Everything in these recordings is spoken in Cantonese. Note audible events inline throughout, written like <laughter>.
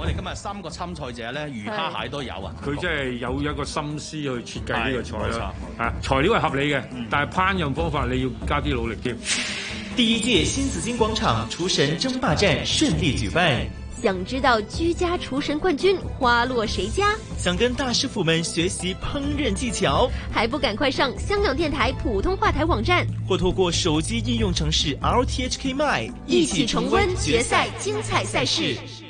我哋今日三個參賽者呢，魚蝦蟹都有啊！佢真係有一個心思去設計呢個菜啦。嗯、啊，材料係合理嘅，嗯、但係烹飪方法你要加啲努力添。第一屆新紫荊廣場廚神爭霸戰順利舉辦。想知道居家廚神冠軍花落誰家？想跟大師傅們學習烹飪技巧，還不趕快上香港電台普通話台網站，或透過手機應用程式 RTHK My，一起重温決，決賽精彩賽事。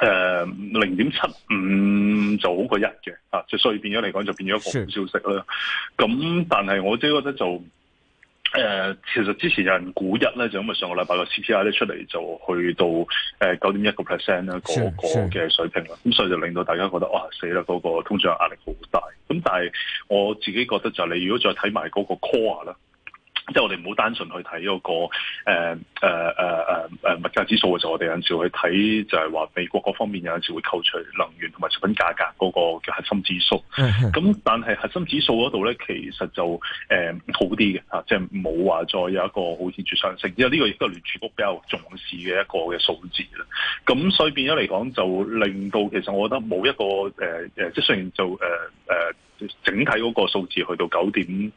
誒，零點七五就好過一嘅，啊，即所以變咗嚟講就變咗一個好消息啦。咁是但係我即係覺得就誒、呃，其實之前有人估一咧，就因為，上個禮拜個 CPI 咧出嚟就去到誒九點一個 percent 啦嗰個嘅水平啦，咁所以就令到大家覺得哇、啊、死啦，嗰、那個通脹壓力好大。咁但係我自己覺得就你如果再睇埋嗰個 core 咧。即係我哋唔好單純去睇一個誒誒誒誒物價指數嘅，就是、我哋有時候去睇，就係、是、話美國嗰方面有時候會扣除能源同埋食品價格嗰個核心指數。咁 <laughs> 但係核心指數嗰度咧，其實就誒、呃、好啲嘅吓，即係冇話再有一個好顯著上升。因為呢個亦都係聯儲局比較重視嘅一個嘅數字啦。咁所以變咗嚟講，就令到其實我覺得冇一個誒、呃、即係雖然就誒、呃呃整體嗰個數字去到九點一，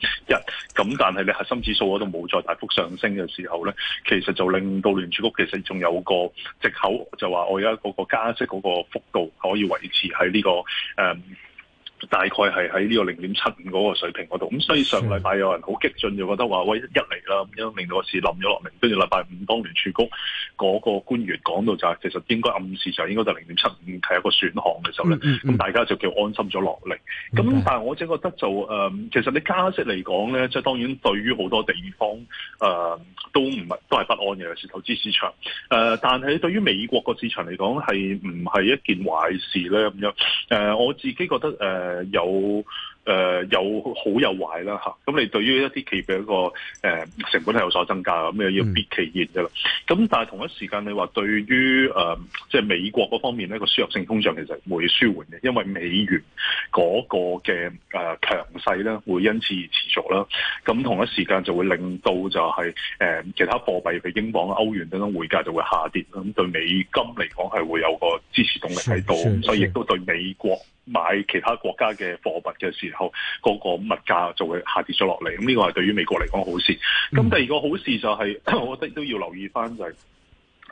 咁但係你核心指數嗰度冇再大幅上升嘅時候咧，其實就令到聯儲局其實仲有個藉口，就話我而家嗰個加息嗰個幅度可以維持喺呢、這個、嗯大概係喺呢個零點七五嗰個水平嗰度，咁、嗯、所以上禮拜有人好激進，就覺得話喂，一嚟啦，咁樣令到個市冧咗落嚟。跟住禮拜五，當聯儲局嗰個官員講到就係，其實應該暗示就係應該就零點七五係一個選項嘅時候咧，咁、嗯嗯、大家就叫安心咗落嚟。咁、嗯、但係我即係覺得就誒、呃，其實你加息嚟講咧，即係當然對於好多地方誒、呃、都唔係都係不安嘅，尤其是投資市場誒、呃。但係對於美國個市場嚟講係唔係一件壞事咧？咁樣誒、呃，我自己覺得誒。呃誒、呃，有誒，有好有壞啦吓，咁、啊、你對於一啲企業嘅一個誒、呃、成本係有所增加，咁又要必其然㗎啦。咁、嗯、但係同一時間，你話對於誒，即、呃、係、就是、美國嗰方面呢個輸入性通脹其實會舒緩嘅，因為美元嗰個嘅誒、呃、強勢咧會因此而持續啦。咁同一時間就會令到就係、是、誒、呃、其他貨幣譬如英鎊、歐元等等匯價就會下跌，咁對美金嚟講係會有個支持動力喺度，所以亦都對美國。買其他國家嘅貨物嘅時候，個個物價就會下跌咗落嚟，咁呢個係對於美國嚟講好事。咁第二個好事就係，我覺得都要留意翻就係。誒嗰、嗯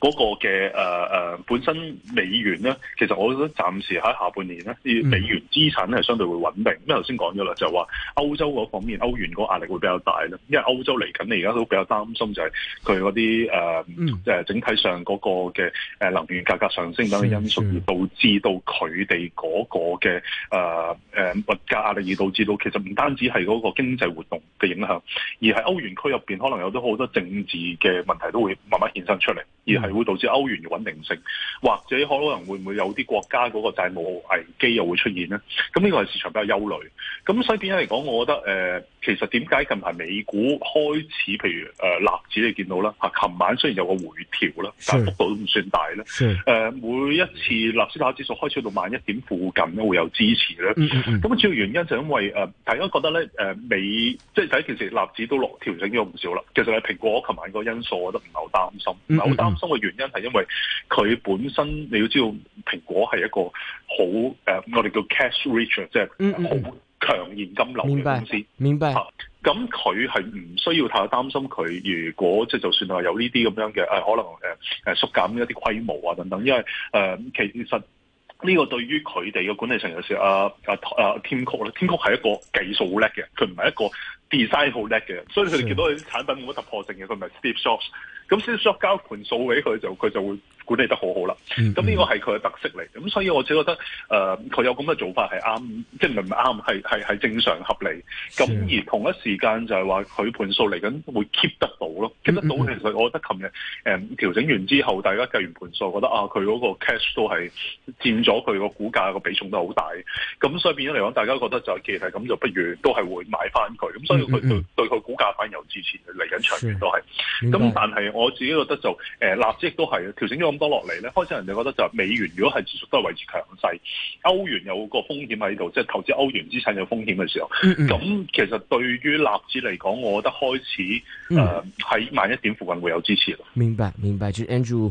那個嘅誒誒本身美元咧，其實我覺得暫時喺下半年咧，啲美元資產咧係相對會穩定。咁頭先講咗啦，就話、係、歐洲嗰方面歐元嗰個壓力會比較大咧，因為歐洲嚟緊你而家都比較擔心就，就係佢嗰啲誒，即係、嗯、整體上嗰個嘅能源價格上升等嘅因素，而導致到佢哋嗰個嘅誒物價壓力，而導致到其實唔單止係嗰個經濟活動嘅影響，而係歐元區入面，可能有咗好多政治嘅問題都會慢慢顯出，出嚟，而係會導致歐元嘅穩定性，或者可能會唔會有啲國家嗰個債務危機又會出現咧？咁呢個係市場比較憂慮。咁所以變咗嚟講，我覺得誒、呃，其實點解近排美股開始，譬如誒、呃、納指，你見到啦，嚇、啊，琴晚雖然有個回調啦，但幅度都唔算大咧。誒、呃，每一次納斯達克指數開始到萬一點附近咧，會有支持咧。咁主要原因就因為誒、呃，大家覺得咧，誒、呃、美，即係第一件事，納指都落調整咗唔少啦。其實係蘋果琴晚個因素，我都唔係好擔心。我好、mm hmm. 擔心嘅原因係因為佢本身你要知道蘋果係一個好誒、呃，我哋叫 cash rich，即係好強現金流嘅公司、mm hmm. 明。明白，咁佢係唔需要太擔心佢，如果即係就算係有呢啲咁樣嘅誒、呃，可能誒誒、呃、縮減一啲規模啊等等，因為誒、呃、其實呢個對於佢哋嘅管理層嚟講，阿阿 Tim Cook 咧，Tim Cook 係一個技術叻嘅，佢唔係一個。design 好叻嘅，所以佢哋見到佢啲產品冇乜突破性嘅，佢唔係 Steve Jobs 咁 Steve Jobs 交盤數俾佢就佢就會。管理得好好啦，咁呢個係佢嘅特色嚟，咁所以我自己覺得，誒、呃、佢有咁嘅做法係啱，即係唔啱係係係正常合理。咁的而同一時間就係話佢盤數嚟緊會 keep 得到咯，keep 得到其實我覺得琴日誒調整完之後，大家計完盤數覺得啊佢嗰個 cash 都係佔咗佢個股價個比重都好大，咁所以變咗嚟講，大家覺得就其實咁就不如都係會買翻佢，咁所以佢、嗯嗯嗯、對佢股價反而有支持嚟緊長遠都係。咁但係我自己覺得就誒立即都係調整咗。多落嚟咧，開始人哋覺得就係美元，如果係持續都係維持強勢，歐元有個風險喺度，即係投資歐元資產有風險嘅時候。咁、嗯嗯、其實對於納指嚟講，我覺得開始誒喺萬一點附近會有支持。嗯、明白，明白，謝 Angel。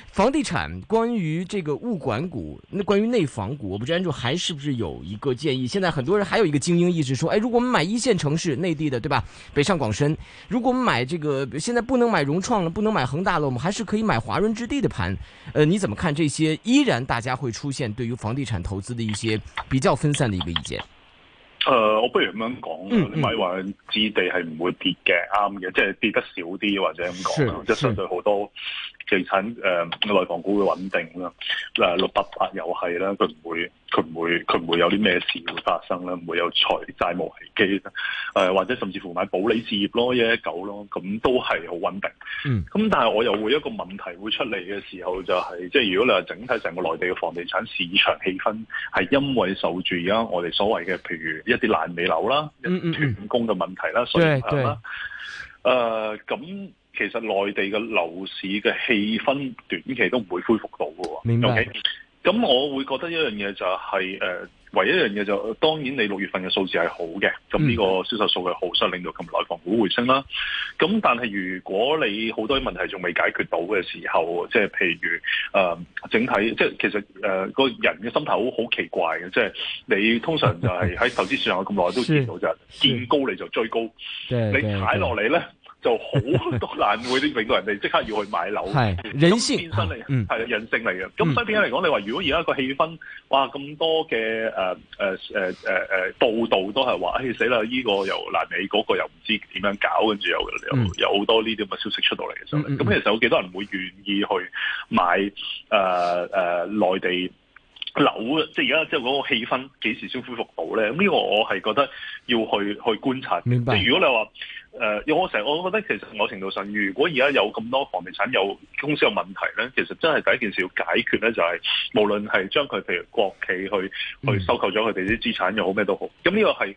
房地產關於這個物管股，那關於內房股，我不知道還是不是有一個建議。現在很多人還有一個精英意識，說：哎，如果我們買一線城市內地的，對吧？北上廣深，如果我們買這個，現在不能買融創了，不能買恆大了，我們還是可以買華潤置地的盤。呃，你怎麼看這些？依然大家會出現對於房地產投資的一些比較分散的一個意見。呃，我不如咁樣講，你買話置地係唔會跌嘅，啱嘅，嗯嗯，即係跌得少啲或者咁講，即相對好多。地產誒、內、呃、房股會穩定啦，嗱、呃、六八八又係啦，佢唔會佢唔會佢唔會有啲咩事會發生啦，唔會有財債務危機啦，誒、呃、或者甚至乎買保理置業咯，一一九咯，咁都係好穩定。嗯、咁、嗯、但係我又會一個問題會出嚟嘅時候、就係，就係即係如果你話整體成個內地嘅房地產市場氣氛係因為受住而家我哋所謂嘅譬如一啲爛尾樓啦，一啲斷供嘅問題啦，嗯嗯所以係啦，誒咁。其實內地嘅樓市嘅氣氛短期都唔會恢復到嘅，明白，OK，咁我會覺得一樣嘢就係、是、誒、呃，唯一一樣嘢就是、當然你六月份嘅數字係好嘅，咁呢、嗯、個銷售數據好，所以令到近來房股回升啦。咁但係如果你好多問題仲未解決到嘅時候，即係譬如誒、呃、整體，即係其實誒個、呃、人嘅心態好好奇怪嘅，即係你通常就係喺投資市場咁耐都知道， <laughs> 就是係見高你就追高，對對你踩落嚟咧。 <laughs> 就好多難會令到人哋即刻要去買樓，係 <laughs> 人性嚟，嗯係人性嚟嘅。咁點解嚟講，你話如果而家個氣氛，哇咁多嘅誒誒誒誒誒報道都係話，哎死啦！依、這個又爛尾，嗰、那個又唔知點樣搞，跟住又又有好、嗯、多呢啲咁嘅消息出到嚟嘅時候，咁、嗯、其實有幾多人會願意去買誒誒、呃呃、內地？樓即係而家即係嗰個氣氛幾時先恢復到咧？咁、這、呢個我係覺得要去去觀察。明白。即係如果你話誒，有、呃、成，我覺得其實某程度上，如果而家有咁多房地產有公司有問題咧，其實真係第一件事要解決咧、就是，就係無論係將佢譬如國企去去收購咗佢哋啲資產又好咩都好，咁、嗯、呢、這個係。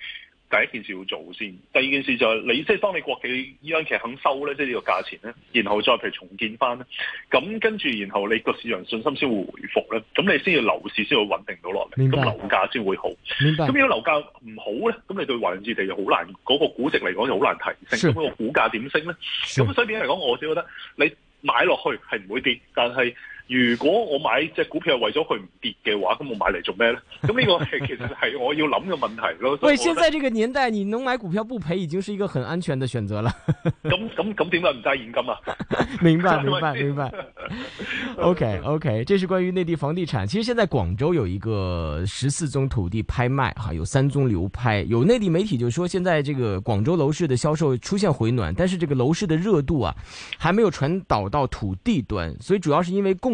第一件事要做先，第二件事就係你即係當你國企依樣其實肯收咧，即係呢個價錢咧，然後再譬如重建翻咧，咁跟住然後你個市場信心先會回復咧，咁你先要樓市先會穩定到落嚟，咁樓價先會好。明白。咁如果樓價唔好咧，咁你對華潤置地又好難嗰個估值嚟講又好難提升，咁是個股價點升咧？咁所以點嚟講，我只覺得你買落去係唔會跌，但係。如果我買隻股票為咗佢唔跌嘅話，咁我買嚟做咩呢？咁呢個係其實係我要諗嘅問題咯。喂， <laughs> 現在這個年代，你能買股票不賠已經是一個很安全的選擇了。咁咁咁點解唔帶現金啊？ <laughs> 明白明白明白。OK OK，這是關於內地房地產。其實現在廣州有一個十四宗土地拍賣，哈，有三宗流拍。有內地媒體就說，現在這個廣州樓市的銷售出現回暖，但是這個樓市的熱度啊，還沒有傳導到土地端，所以主要是因為供。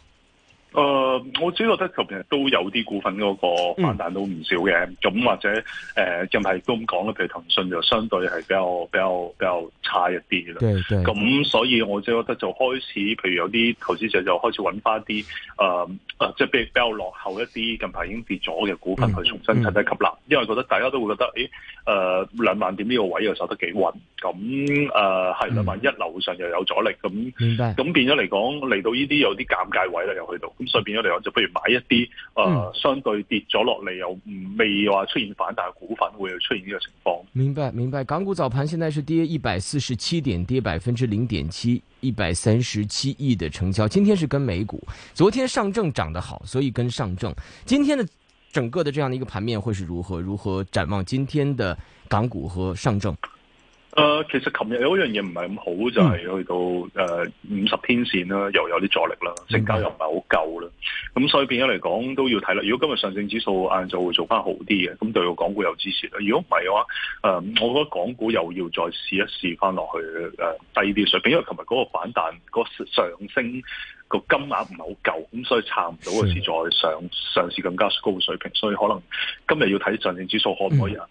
誒、呃，我自己覺得琴日都有啲股份嗰個反彈都唔少嘅，咁、嗯、或者誒、呃、近排都咁講啦，譬如騰訊就相對係比較比較比較差一啲嘅啦。咁、嗯、所以我就覺得就開始，譬如有啲投資者就開始揾翻啲誒誒，即、呃、係、呃就是、比較落後一啲，近排已經跌咗嘅股份去重新吸納，嗯嗯、因為覺得大家都會覺得誒誒兩萬點呢個位又守得幾穩，咁誒係啦，兩萬、呃、一樓上又有阻力咁，咁、嗯、變咗嚟講嚟到呢啲有啲尷尬位咧，又去到。咁所以變咗嚟講，就不如買一啲誒相對跌咗落嚟又未話出現反彈嘅股份，會出現呢個情況。明白，明白。港股早盤現在是跌一百四十七點，跌百分之零點七，一百三十七億的成交。今天是跟美股，昨天上證漲得好，所以跟上證。今天的整個的這樣一個盤面會是如何？如何展望今天的港股和上證？誒、呃，其實琴日有一樣嘢唔係咁好，嗯、就係去到誒五十天線啦，又有啲助力啦，成交、嗯、又唔係好夠啦，咁所以變咗嚟講都要睇啦。如果今日上證指數晏晝會做翻好啲嘅，咁對個港股有支持啦。如果唔係嘅話，誒、呃，我覺得港股又要再試一試翻落去誒、呃、低啲水平，因為琴日嗰個反彈、嗰個上升個金額唔係好夠，咁所以撐唔到嘅時再上上市的更加高嘅水平，所以可能今日要睇上證指數可唔可以啊、嗯？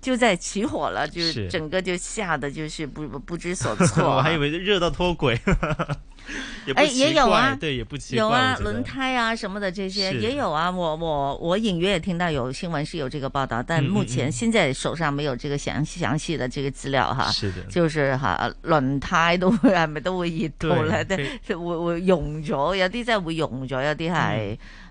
就在起火了，就是整個就嚇得就是不不知所措。我還以為熱到脫軌，也哎也有啊，對也不有啊輪胎啊什麼的這些也有啊。我我我隱約也聽到有新聞是有這個報道，但目前現在手上沒有這個詳細詳細的這個資料哈。是的，就是哈輪胎都會，係咪都會熱到咧？會會融咗？有啲真係會融咗，有啲係。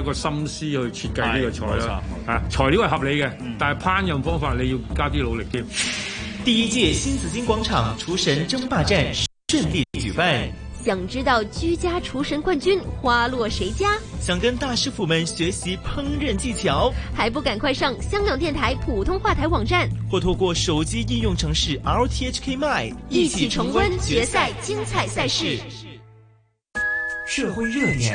一個心思去設計呢個材料啊，材料係合理嘅，嗯、但係烹飪方法你要加啲努力添。第一屆新紫荊廣場廚神爭霸戰順利舉辦，想知道居家廚神冠軍花落誰家？想跟大師傅們學習烹飪技巧，還不趕快上香港電台普通話台網站，或透過手機應用程式 RTHK My，一起重温決賽精彩賽事。社會熱點。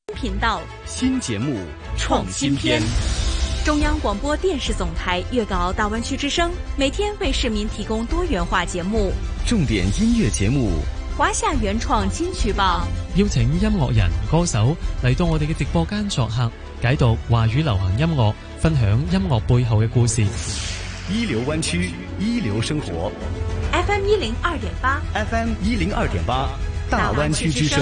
新頻道新節目創新篇，中央廣播電視總台粵港澳大灣區之聲每天為市民提供多元化節目，重點音樂節目，華夏原創金曲榜，邀請音樂人、歌手來到我哋嘅直播間作客，解讀華語流行音樂，分享音樂背後嘅故事，一流灣區，一流生活，FM 一零二點八，FM 一零二點八，8, 大灣區之聲。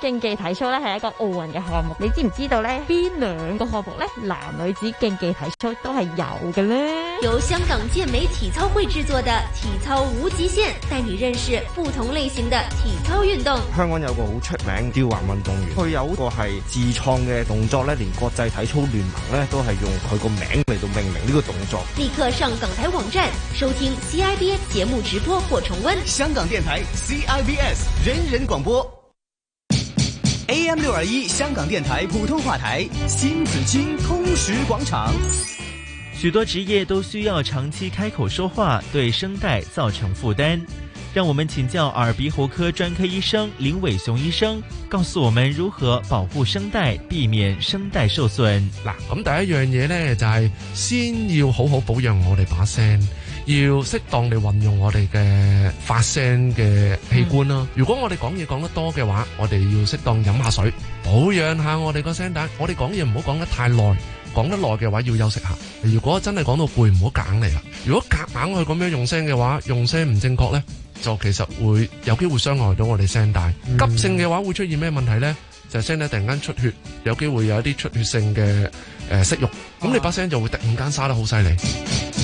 競技體操咧係一個奧運嘅項目，你知唔知道咧？邊兩個項目咧？男女子競技體操都係有嘅咧。由香港健美體操會製作嘅《體操無極限》，帶你認識不同類型嘅體操運動。香港有個好出名吊環運動員，佢有一個係自創嘅動作咧，連國際體操聯盟咧都係用佢個名嚟到命名呢個動作。立刻上港台網站收聽 CIBS 節目直播或重溫。香港電台 CIBS 人人廣播。AM 六二一，香港電台普通話台，新紫荊通識廣場。許多職業都需要長期開口說話，對聲帶造成負擔。讓我們請教耳鼻喉科專科醫生林偉雄醫生，告訴我們如何保護聲帶，避免聲帶受損。嗱，咁第一樣嘢咧，就係先要好好保養我哋把聲。要適當地運用我哋嘅發聲嘅器官啦。如果我哋講嘢講得多嘅話，我哋要適當飲下水，保養下我哋個聲帶。我哋講嘢唔好講得太耐，講得耐嘅話要休息下。如果真係講到攰，唔好夾硬嚟啦。如果夾硬去咁樣用聲嘅話，用聲唔正確呢，就其實會有機會傷害到我哋聲帶。急性嘅話會出現咩問題呢？就係聲帶突然間出血，有機會有一啲出血性嘅誒息肉，咁你把聲就會突然間沙得好犀利。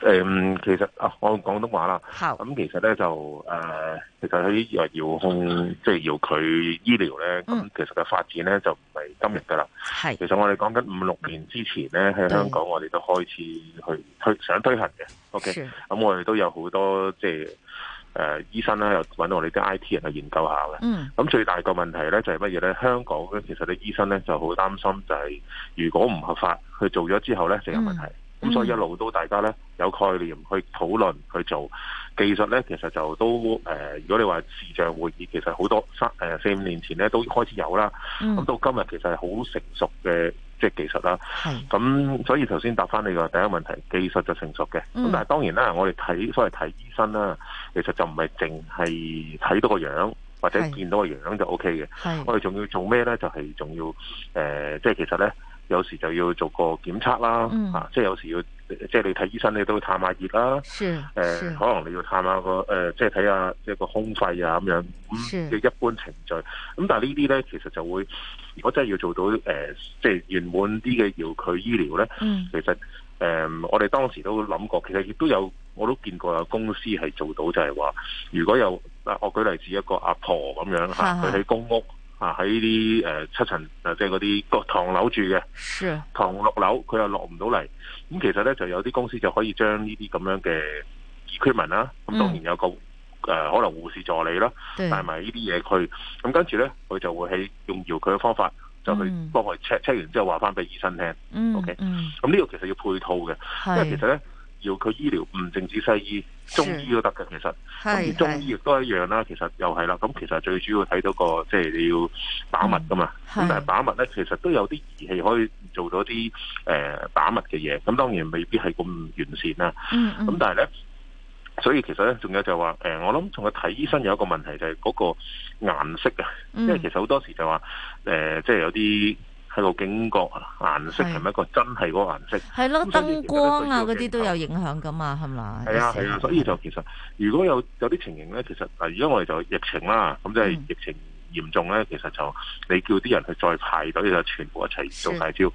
誒、嗯，其實啊，我用廣東話啦。咁 How、嗯、其實咧就誒、呃，其實喺遙控即係遙距醫療咧，咁、mm. 其實嘅發展咧就唔係今日噶啦。係是。其實我哋講緊五六年之前咧，喺香港我哋都開始去推、mm. 想推行嘅。O、okay? K 是。咁、嗯、我哋都有好多即係誒醫生咧，又搵到我哋啲 I T 人去研究下嘅。咁、mm. 嗯嗯、最大個問題咧就係乜嘢咧？香港呢，其實啲醫生咧就好擔心就，就係如果唔合法去做咗之後咧就有問題。Mm. 咁、嗯、所以一路都大家咧有概念去討論去做技術咧，其實就都誒、呃。如果你話視像會議，其實好多三誒四五年前咧都開始有啦。咁、嗯、到今日其實係好成熟嘅即係技術啦。咁是所以頭先答翻你個第一個問題，技術就成熟嘅。咁、嗯、但係當然啦，我哋睇所謂睇醫生啦，其實就唔係淨係睇到個樣或者見到個樣就 O K 嘅。我哋仲要做咩咧？就係、是、仲要誒，即、呃、係、就是、其實咧。有時就要做個檢測啦，即係、嗯啊就是、有時要，即、就、係、是、你睇醫生，你都會探下熱啦。可能你要探下個即係睇下即係、就是、個空肺啊咁樣。是嘅一般程序。咁、嗯、但係呢啲咧，其實就會，如果真係要做到誒，即係圓滿啲嘅遙距醫療咧，嗯、其實誒、呃，我哋當時都諗過，其實亦都有，我都見過有公司係做到，就係話，如果有，我舉例子一個阿婆咁樣佢喺的公屋。啊！喺呢啲誒七層啊，即係嗰啲唐樓住嘅，唐是六樓佢又落唔到嚟。咁、嗯、其實呢，就有啲公司就可以將呢啲咁樣嘅 e equipment 啦、啊，咁當然有個誒、嗯呃、可能護士助理啦，帶埋呢啲嘢去。咁、嗯、跟住呢，佢就會喺用遙距嘅方法就去幫佢 check check 完之後話翻俾醫生聽。嗯、OK，咁呢個其實要配套嘅，是因為其實呢。要佢醫療唔淨止西醫，是中醫都得嘅其實，而是中醫亦都一樣啦。是其實又係啦，咁是其實最主要睇到個即係、就是、你要把脈噶嘛。咁是但係把脈咧，是其實都有啲儀器可以做到啲誒把脈嘅嘢。咁、呃、當然未必係咁完善啦。咁是但係咧，嗯、所以其實咧，仲有就話、呃、我諗同佢睇醫生有一個問題就係嗰個顏色啊，嗯、因為其實好多時就話誒，即、呃、係、就是、有啲。係個警覺，顏色係咪一個真係嗰個顏色？係咯的，燈光啊，嗰啲都有影響噶嘛，係咪？係啊係啊，所以就其實，如果有有啲情形咧，其實如而家我哋就疫情啦，咁即係疫情嚴重咧，其實就你叫啲人去再排隊就全部一齊做大招，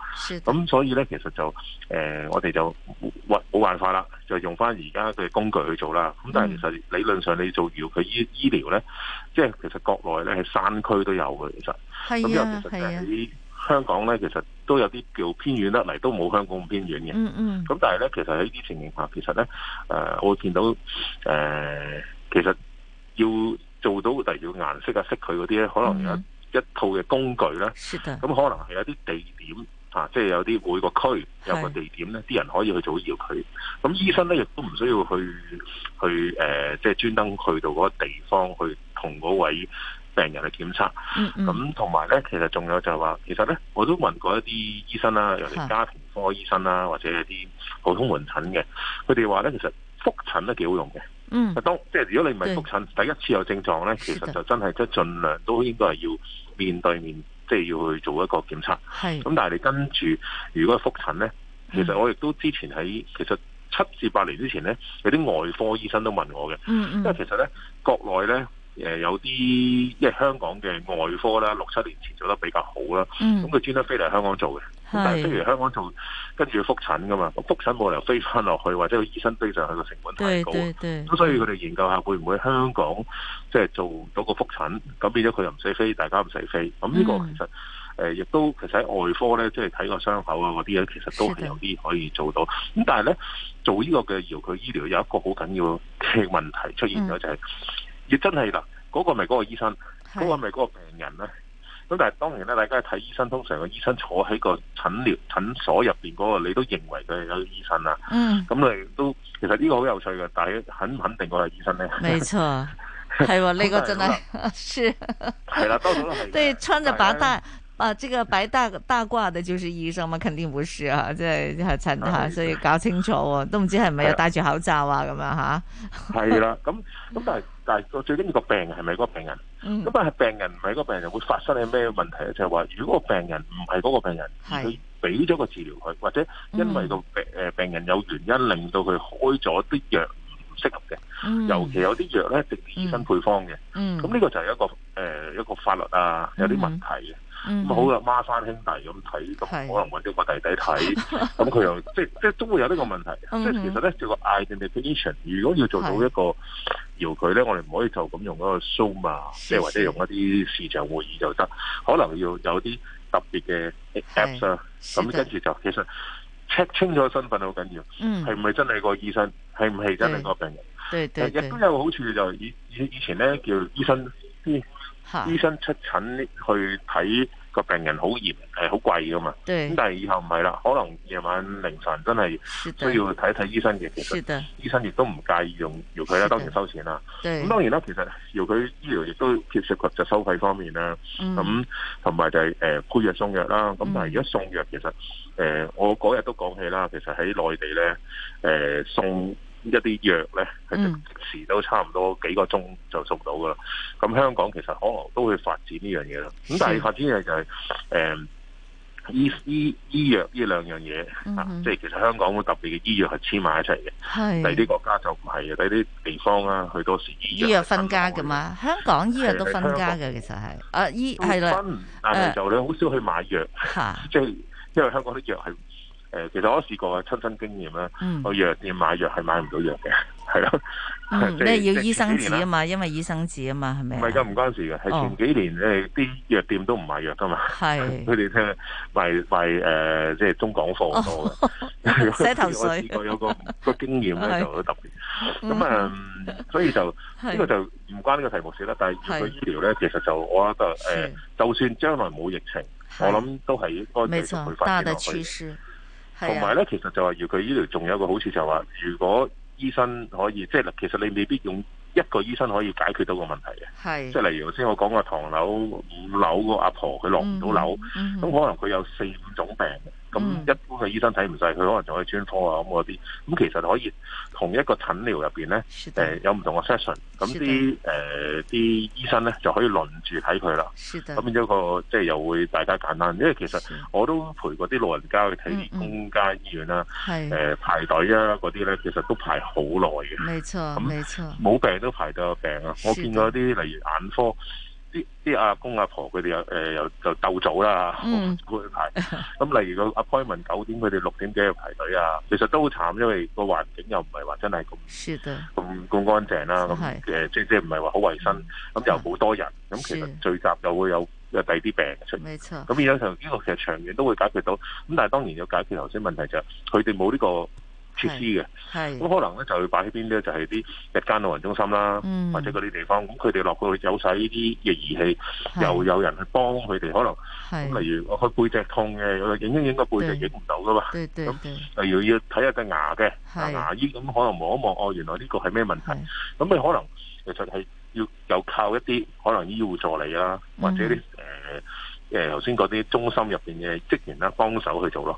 咁所以咧，其實就誒，我哋就冇冇辦法啦，就用翻而家嘅工具去做啦。咁、嗯、但係其實理論上你做遙距醫醫療咧，即係其實國內咧係山區都有嘅，其實，咁的其實香港咧，其實都有啲叫偏遠得嚟都冇香港咁偏遠嘅。咁嗯嗯但係咧，其實喺呢啲情形下，其實咧，誒、呃，我會見到誒、呃，其實要做到第二顏色啊，識佢嗰啲咧，可能有一套嘅工具啦。咁、嗯嗯嗯、可能係有啲地點、啊、即係有啲每個區有個地點咧，啲是人可以去做要佢。咁醫生咧亦都唔需要去去誒、呃，即係專登去到嗰個地方去同嗰位。病人嚟檢測，咁同埋咧，其實仲有就係話，其實咧，我都問過一啲醫生啦、啊，尤其家庭科醫生啦、啊，或者一啲普通門診嘅，佢哋話咧，其實復診都幾好用嘅。嗯當，當即係如果你唔係復診，係。第一次有症狀咧，其實就真係即係盡量都應該係要面對面，即、就、係、是、要去做一個檢測。係。咁但係你跟住，如果復診咧，其實我亦都之前喺其實七至八年之前咧，有啲外科醫生都問我嘅。因為其實咧，國內咧。誒、呃、有啲即係香港嘅外科啦，六七年前做得比較好啦，咁佢、嗯、專登飛嚟香港做嘅，的但係譬如香港做跟住要覆診噶嘛，覆診冇理由飛翻落去，或者個醫生飛上去個成本太高，咁所以佢哋研究下會唔會香港即係、嗯、做到個覆診，咁變咗佢又唔使飛，大家唔使飛，咁呢個其實亦、嗯呃、都其實喺外科咧，即係睇個傷口啊嗰啲咧，其實都係有啲可以做到，咁的但係咧，做呢個嘅遙距醫療有一個好緊要嘅問題出現咗，嗯、就係、是。亦真係嗱，嗰、嗰個咪嗰個醫生，嗰、嗰個咪嗰個病人呢。咁的但係當然呢，大家睇醫生通常個醫生坐喺個診療診所入面嗰、嗰個，你都認為佢係醫生啦。咁、嗯、你都其實呢個好有趣嘅，但係你肯唔肯定嗰個醫生咧？冇錯，係喎，呢個真係係係啦，多數都係。對，穿着白帶。啊，這個白大大褂的，就是醫生嘛？肯定不是啊！即係陳吓，所以搞清楚啊，都唔知係咪有戴住口罩啊咁的啊吓？係啦的，咁咁 <laughs> 但係但係個最緊要個病係咪個病人？咁但係病人唔係個病人，會發生係咩問題咧？就係、是、話如果個病人唔係嗰個病人，佢俾咗個治療佢，或者因為個病誒病人有原因令到佢開咗啲藥唔適合嘅，嗯、尤其有啲藥咧，直醫生配方嘅。咁呢、嗯嗯、個就係一個誒、呃、一個法律啊，有啲問題嘅。嗯嗯咁、mm hmm. 好啦，孖生兄弟咁睇，咁是可能搵到個弟弟睇，咁佢 <laughs> 又即即都會有呢個問題。Mm hmm. 即其實咧，個 identification 如果要做到一個遙距咧，是我哋唔可以就咁用嗰個 zoom 啊是，即或者用一啲視像會議就得，可能要有啲特別嘅 apps 啊。咁跟住就其實 check 清楚身份好緊要，係唔係真係個醫生，係唔係真係個病人？誒，亦都有個好處就以以以前咧叫醫生。醫生出診去睇個病人好嚴，係好貴㗎嘛。咁對但係以後唔係啦，可能夜晚凌晨真係需要睇一睇醫生嘅。其實的醫生亦都唔介意用遙距啦，的當然收錢啦。咁當然啦，其實遙距醫療亦都撇脱就收費方面啦。咁同埋就係誒配藥送藥啦。咁、嗯、但係而家送藥其實誒，我嗰日都講起啦。其實喺內、呃、地咧，誒、呃、送。一啲藥咧，其實時都差唔多幾個鐘就送到噶啦。咁、嗯、香港其實可能都會發展呢樣嘢啦。咁的但係發展嘢就係、是、誒、嗯、醫醫藥呢兩樣嘢、嗯哼啊、即係其實香港好特別嘅醫藥係黐埋一齊嘅，第啲的國家就唔係嘅，第啲地方呀、啊，好多時醫藥、醫藥分家噶嘛。香港醫藥都分家嘅，的港其實係啊醫係啦，係分、啊、就你好少去買藥、啊、即係因為香港啲藥係。誒，其實我試過嘅，親身經驗啦。嗯，去藥店買藥係買唔到藥嘅，係咯。嗯，即係要醫生紙啊嘛，因為醫生紙啊嘛，係咪？唔係，㗎唔關事嘅，係前幾年誒，啲藥店都唔賣藥噶嘛。係。佢哋咧賣賣誒，即係中港貨多。洗頭水，我試過有個個經驗咧，就好特別。咁啊，所以就呢個就唔關呢個題目事啦。但係如果醫療咧，其實就我覺得誒，就算將來冇疫情，我諗都係應該大的趨勢。同埋咧，其實就係如佢醫療，仲有一個好處就係話，如果醫生可以，即係嗱，其實你未必用一個醫生可以解決到個問題嘅。係即係例如頭先我講個唐樓五樓個阿婆，佢落唔到樓，咁、嗯嗯、可能佢有四五種病。咁一般嘅醫生睇唔曬，佢可能仲可以專科啊咁嗰啲，咁其實可以同一個診療入面咧，誒有唔同嘅 session，咁啲誒啲醫生咧就可以輪住睇佢啦。咁變咗個即係又會大家簡單，因為其實我都陪過啲老人家去睇公家醫院啦，誒排隊啊嗰啲咧，其實都排好耐嘅。冇病都排到有病啊！我見過啲例如眼科。啲啲阿公阿婆佢哋又誒又就鬥早啦，嗯、排咁例如個 appointment 九點，佢哋六點幾要排隊啊，其實都好慘，因為個環境又唔係話真係咁，咁咁乾淨啦，係誒、嗯、咁即即唔係話好衞生，咁又好多人，咁、啊、其實聚集又會有又第二啲病出嚟，咁而有時候呢個其實長遠都會解決到，咁但係當然要解決頭先問題就係佢哋冇呢個。設施嘅，咁可能咧就擺喺邊咧，就係、是、啲日間老人中心啦，嗯、或者嗰啲地方，咁佢哋落去有晒呢啲嘅儀器，是又有人去幫佢哋，可能咁例是如我佢背脊痛嘅，影影影個背脊影唔到噶嘛，咁例如要睇下隻牙嘅，是牙醫咁可能望一望，哦，原來呢個係咩問題，咁是你可能其實係要又靠一啲可能醫護助理啦、啊，或者啲誒誒頭先嗰啲中心入邊嘅職員啦幫手去做咯。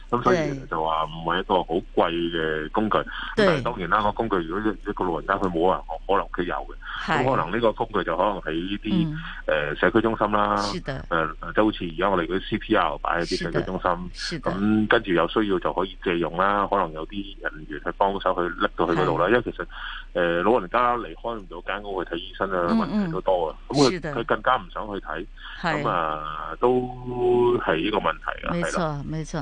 咁所以就話唔係一個好貴嘅工具，咁當然啦，個工具如果一個老人家佢冇啊，可能屋企有嘅，咁可能呢個工具就可能喺呢啲誒社區中心啦。誒，即好似而家我哋嗰啲 CPR 擺喺啲社區中心，咁跟住有需要就可以借用啦。可能有啲人員去幫手去拎到去嗰度啦。因為其實誒老人家離開唔到間屋去睇醫生啊，問題都多啊。咁佢更加唔想去睇，咁啊都係呢個問題啊。係咯，冇錯。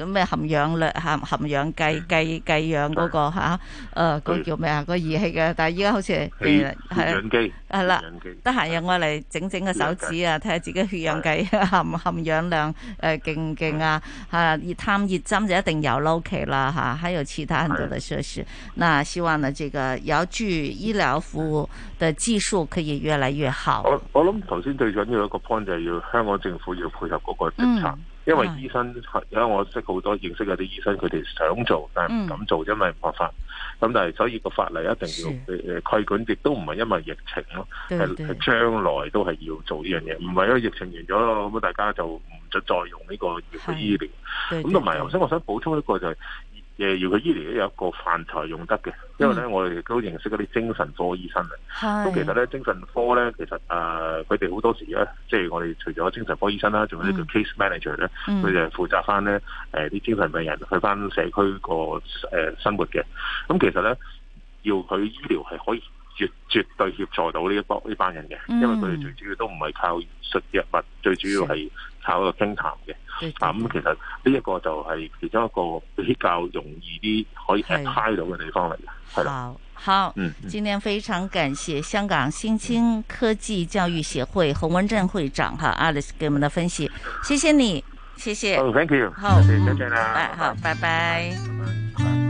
咁咩含氧量、含含氧計、計計氧嗰個吓，誒個叫咩啊？個儀器嘅，但係依家好似係係氧機，係啦，得閒又我嚟整整個手指啊，睇下自己血氧計含含氧量誒勁唔勁啊吓？熱探熱針就一定有 local 啦吓，還有其他很多的設施。那希望呢，這個遙距醫療服務的技術可以越嚟越好。我我諗頭先最緊要一個 point 就係要香港政府要配合嗰個政策。因為醫生，因為我識好多認識嗰啲醫生，佢哋想做，但係唔敢做，嗯、因為唔合法。咁但係，所以個法例一定要誒誒規管，亦是、呃、都唔係因為疫情咯，係係將來都係要做呢樣嘢，唔係咯，疫情完咗咯，咁大家就唔準再用呢個遙距醫療。咁同埋，頭先我想補充一個就係、是。誒，遙距醫療咧有一個範疇用得嘅，因為咧我哋都認識嗰啲精神科醫生嚟，咁是其實咧精神科咧其實誒，佢哋好多時咧，即係我哋除咗精神科醫生啦，仲有呢個 case manager 咧，佢、嗯、就係負責翻咧誒啲精神病人去翻社區個誒、呃、生活嘅。咁、嗯嗯、其實咧，遙距醫療係可以絕絕對協助到呢一幫呢班人嘅，因為佢哋最主要都唔係靠藥物，是最主要係。炒個傾談嘅，啊咁其實呢一個就係其中一個比較容易啲可以 apply 到嘅地方嚟嘅，係好，嗯，今天非常感謝香港新興科技教育協會洪文正會長哈 Alice 給我們的分析，謝謝你，謝謝，thank you，好，嗯，好，拜拜。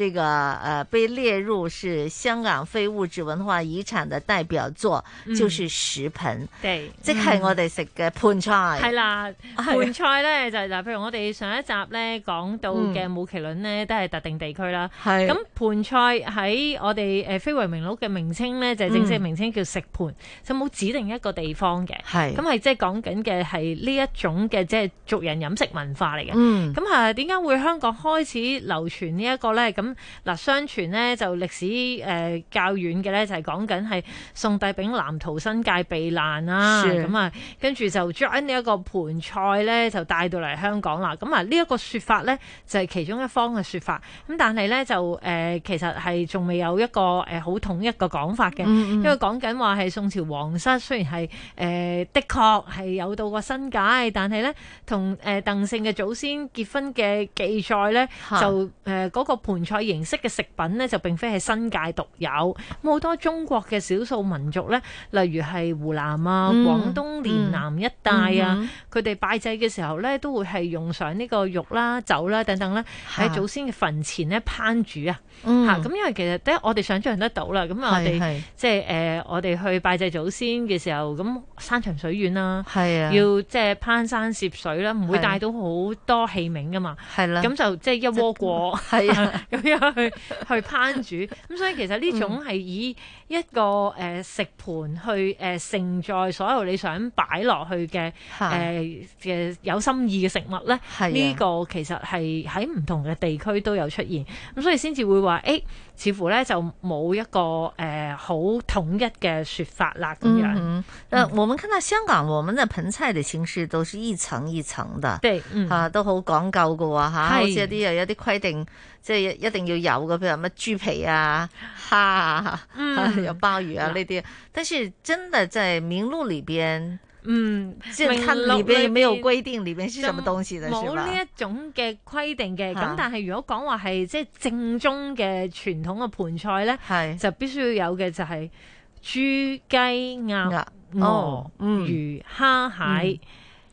呢、這個誒、呃、被列入是香港非物質文化遺產的代表作，嗯、就是食盆。即係對我哋食嘅盆菜。係、嗯、啦，盆菜咧、哎、呀就嗱，譬如我哋上一集咧講到嘅舞麒麟呢，都係特定地區啦。咁盆、嗯、菜喺我哋誒非遺名錄嘅名稱咧，就係、正式名稱叫食盆，就冇、嗯、指定一個地方嘅。係是。咁係即係講緊嘅係呢一種嘅即係族人飲食文化嚟嘅。咁、嗯、啊，點解會香港開始流傳呢一個咧？咁嗱，相傳呢就歷史誒、呃、較遠嘅咧，就係講緊係宋帝炳南逃新界避難啦，咁啊是，跟住就 join 呢一個盤菜咧，就帶到嚟香港啦。咁啊，呢一個説法咧就係、是、其中一方嘅説法。咁但係咧就誒、呃，其實係仲未有一個誒好、呃、統一個講法嘅，嗯、因為講緊話係宋朝皇室雖然係誒、呃、的確係有到個新界，但係咧同誒鄧姓嘅祖先結婚嘅記載咧，是就誒嗰、呃那個盤菜形式嘅食品呢，就並非係新界獨有。咁好多中國嘅少數民族呢，例如係湖南啊、廣東、嗯、連南一帶啊，佢哋、嗯嗯、拜祭嘅時候呢，都會係用上呢個肉啦、啊、酒啦、啊、等等啦、啊，喺祖先嘅墳前呢烹煮啊。吓、啊，咁、嗯啊、因為其實，第一我哋想象得到啦。咁我哋是即係誒、呃，我哋去拜祭祖先嘅時候，咁山長水遠啦，係啊，啊要即係攀山涉水啦，唔會帶到好多器皿噶嘛。係啦、啊，咁就即係一窩過，係啊。 <laughs> 要 <laughs> 去去攀烹煮，咁 <laughs> 所以其實呢種係以一個食盆去誒盛載所有你想擺落去嘅嘅有心意嘅食物咧，呢的個其實係喺唔同嘅地區都有出現，咁的所以先至會話、欸、似乎咧就冇一個誒好統一嘅説法啦咁樣。誒、嗯嗯，嗯、我們看到香港，我們嘅盆菜嘅形式都是一層一層的，嚇、嗯、都好講究嘅喎，好似有啲又有啲規定，即係一定要有嘅，譬如乜豬皮啊、蝦啊。嗯嗯、有鮑魚啊，呢啲、嗯，但是真的在名錄裏邊，嗯，即係佢裏邊沒有規定裏邊是什麼東西的，冇呢一種嘅規定嘅，咁、啊、但係如果講話係即係正宗嘅傳統嘅盤菜呢，係、啊、就必須要有嘅就係豬、雞、鴨、鵝、魚、蝦、蟹。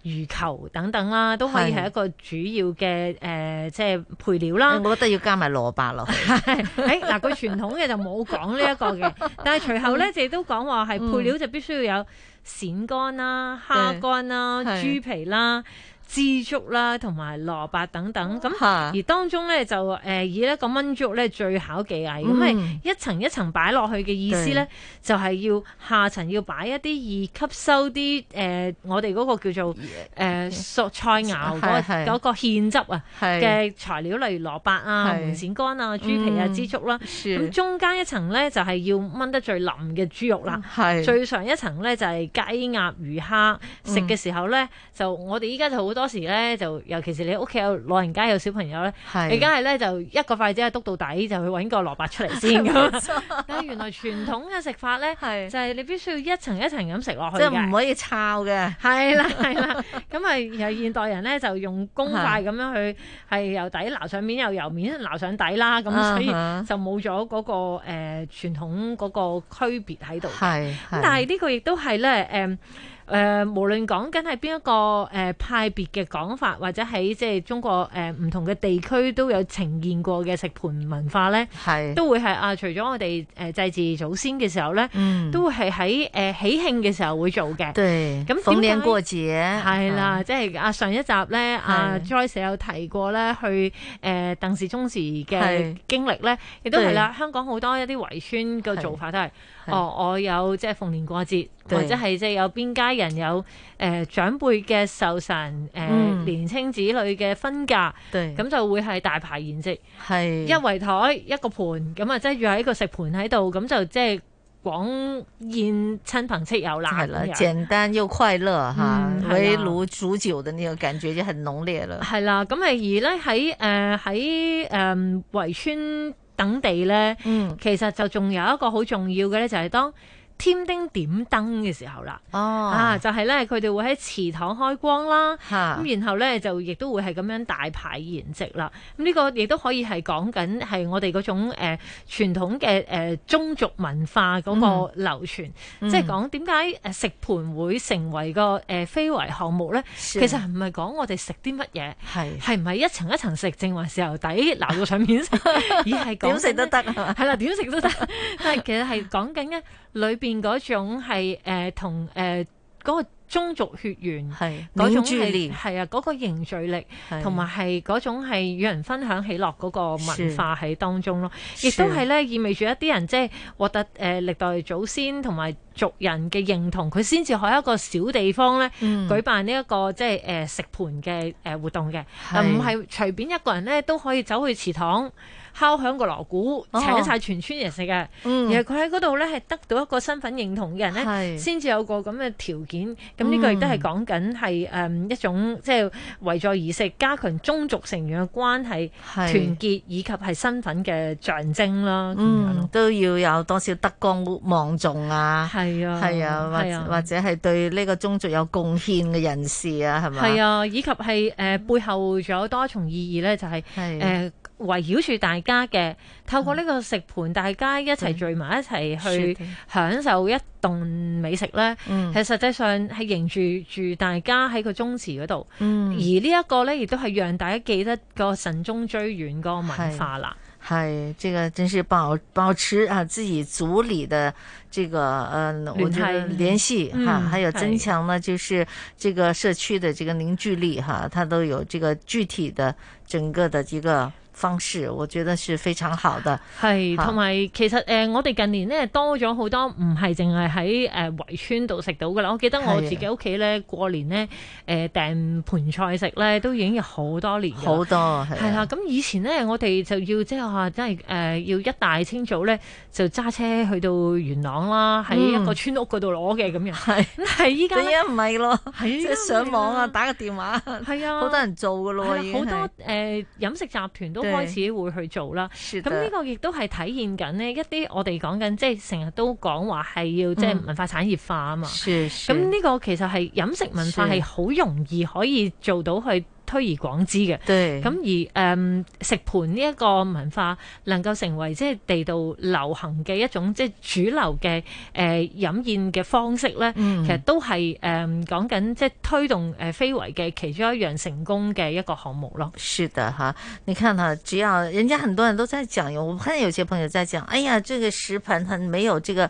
魚球等等啦，都可以係一個主要嘅誒，即係配料啦。我覺得要加埋蘿蔔咯。誒嗱的，佢、 <laughs> 哎、傳統嘅就冇講呢一個嘅， <laughs> 但係隨後咧就、嗯、都講話係配料就必須要有鱔乾啦、嗯、蝦乾啦、的豬皮啦。枝竹啦，同埋蘿蔔等等，咁、啊、而當中咧就誒、呃、以個呢、嗯、就一個燜竹咧最考技藝，咁係一層一層擺落去嘅意思咧，對就係要下層要擺一啲易吸收啲誒我哋嗰個叫做誒蔬、呃、菜芽嗰嗰個芡汁啊嘅材料，例如蘿蔔啊、紅是鱔乾啊、豬皮啊、嗯、枝竹啦，咁、嗯、中間一層咧就係、是、要燜得最腍嘅豬肉啦，是最上一層咧就係雞鴨魚蝦、嗯、食嘅時候咧就我哋依家就好。多時咧，就尤其是你屋企有老人家有小朋友咧，而家係咧就一個筷子篤到底，就去揾個蘿蔔出嚟先咁。咁錯原來傳統嘅食法咧，是就係你必須要一層一層咁食落去嘅，即係唔可以抄嘅。係啦，係啦，咁係由現代人咧就用公筷咁樣去，係由底撈上面，又由面撈上底啦。咁是所以就冇咗嗰個誒、呃、傳統嗰個區別喺度。係咁，但係呢個亦都係咧誒。嗯誒、呃，無論講緊係邊一個誒、呃、派別嘅講法，或者喺即係中國誒唔、呃、同嘅地區都有呈現過嘅食盆文化咧，是都會係啊，除咗我哋誒、呃、祭祀祖先嘅時候咧，嗯、都會係喺誒喜慶嘅時候會做嘅。對咁點樣過節係啦，嗯、即係啊，上一集咧，阿是、啊、Joyce 有提過咧，去誒、呃、鄧氏宗祠嘅經歷咧，是亦都係啦。對香港好多一啲圍村嘅做法都係。哦，我有即係逢年過節，對或者係即係有邊家人有誒、呃、長輩嘅壽辰，呃嗯、年青子女嘅婚嫁，咁對就會係大排筵席，對一圍枱一個盆，咁啊即係要喺個食盆喺度，咁就即係廣宴親朋戚友啦。係啦了，樣簡單又快樂吓，圍、嗯、爐煮酒嘅呢個感覺就很濃烈了。係啦，咁係而咧喺誒喺誒圍村。等地咧，嗯，其實就仲有一個好重要嘅咧，就係、是、當，添丁點燈嘅時候啦，oh. 啊，就係、是、咧，佢哋會喺祠堂開光啦，咁 Huh. 然後咧就亦都會係咁樣大排筵席啦。咁、這、呢個亦都可以係講緊係我哋嗰種誒傳、呃、統嘅誒宗族文化嗰個流傳，mm. 即係講點解誒食盆會成為個誒、呃、非遺項目咧？Sure. 其實唔係講我哋食啲乜嘢，係係唔係一層一層食，淨係豉油底撈到上面食，而係點食都得，係啦、 <laughs> 啊，點食都得。係 <laughs> 其實係講緊咧裏邊。變嗰種係誒同誒嗰個宗族血緣，係嗰是種係係著啊嗰、嗰個凝聚力，同埋係嗰種係與人分享喜樂嗰個文化喺當中咯，是亦都係咧意味住一啲人即係獲得誒歷、呃、代祖先同埋族人嘅認同，佢先至可一個小地方咧、嗯、舉辦呢、這、一個即係誒、呃、食盆嘅誒活動嘅，唔係隨便一個人咧都可以走去祠堂。敲響個鑼鼓，請晒全村人食嘅。哦嗯、而係佢喺嗰度咧，係得到一個身份認同嘅人咧，先至是有個咁嘅條件。咁呢個亦都係講緊係誒一種即係為在儀式加強宗族成員嘅關係是團結，以及係身份嘅象徵啦。嗯，樣都要有多少德高望重啊？係啊，係啊，或、啊、或者係對呢個宗族有貢獻嘅人士啊，係咪？係啊，以及係誒、呃、背後仲有多重意義咧、就係，就係誒。呃圍繞住大家嘅，透過呢個食盆，嗯、大家一齊聚埋一齊去享受一頓美食咧。嗯，其實實際上係凝住住大家喺個宗祠嗰度。嗯，而這呢一個咧，亦都係讓大家記得個慎終追遠個文化啦。係，這個真是保保持啊自己族裏的這個呃、嗯、聯繫哈、嗯啊，還有增強呢，是就是這個社區的這個凝聚力哈、啊，它都有這個具體的整個的這個。方式，我覺得是非常好的。係，同埋其實誒、呃、我哋近年咧，多咗好多唔係淨係喺誒圍村度食到噶啦。我記得我自己屋企咧，過年咧誒訂盤菜食咧都已經有多好多年，好多係啦。咁以前咧，我哋就要即係話真係誒要一大清早咧，就揸車去到元朗啦，喺、嗯、一個村屋嗰度攞嘅咁樣係，的但係依家唔係咯，即係上網啊，打個電話，係啊的，好多人做噶咯。好多誒、呃、飲食集團都。對開始會去做啦，咁呢的個亦都係體現緊呢一啲我哋講緊，即係成日都講話係要即係文化產業化啊嘛。咁呢、嗯、個其實係飲食文化係好容易可以做到去。推而廣之嘅，咁對而誒、嗯、食盆呢一個文化能夠成為即係地道流行嘅一種即係主流嘅誒飲宴嘅方式咧，嗯、其實都係誒講緊即係推動誒非遺嘅其中一樣成功嘅一個項目咯。是的哈，你看下，只要人家很多人都在講，有我見有些朋友在講，哎呀，這個食盆佢沒有這個。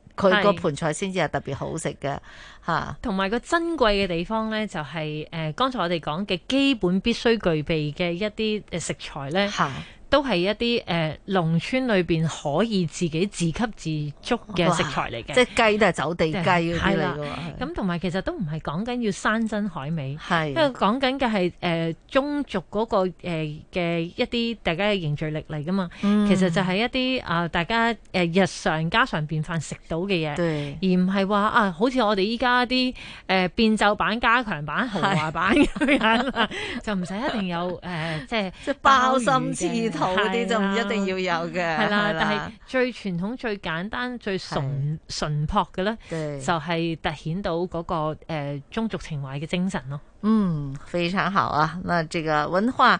佢個盆菜先至係特別好食嘅嚇。同埋個珍貴嘅地方咧，就係誒，剛才我哋講嘅基本必須具備嘅一啲誒食材咧。都係一啲誒、呃、農村裏邊可以自己自給自足嘅食材嚟嘅，即係雞都係走地雞嗰啲嚟嘅。咁同埋其實都唔係講緊要山珍海味，是因為講緊嘅係誒宗族嗰、那個嘅、呃、一啲大家嘅凝聚力嚟㗎嘛。嗯、其實就係一啲啊、呃、大家誒日常家常便飯食到嘅嘢，對而唔係話啊好似我哋依家啲誒變奏版、加強版、豪華版咁樣就唔使一定有誒、呃就是、即係即係包心黐。好啲就唔一定要有嘅，係啦。但係最傳統、啊、最簡單、最純純、啊、朴嘅咧，對就係凸顯到嗰、那個誒宗、呃、族情懷嘅精神咯。嗯，非常好啊。那這個文化，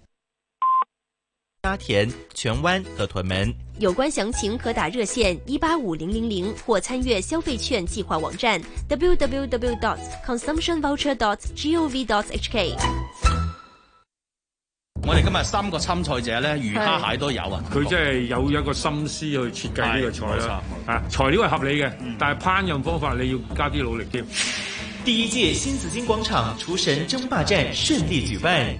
沙田、荃灣和屯門，有關詳情可打熱線一八五零零零，或參閱消費券計劃網站 www.consumptionvoucher.gov.hk。Www. Um、我哋今日三個參賽者呢，魚、蝦、蟹都有啊，佢真係有一個心思去設計呢個菜啦。い啊，材料係合理嘅，嗯、但係烹飪方法你要加啲努力添。第一屆新紫荊廣場廚神爭霸戰順利舉辦。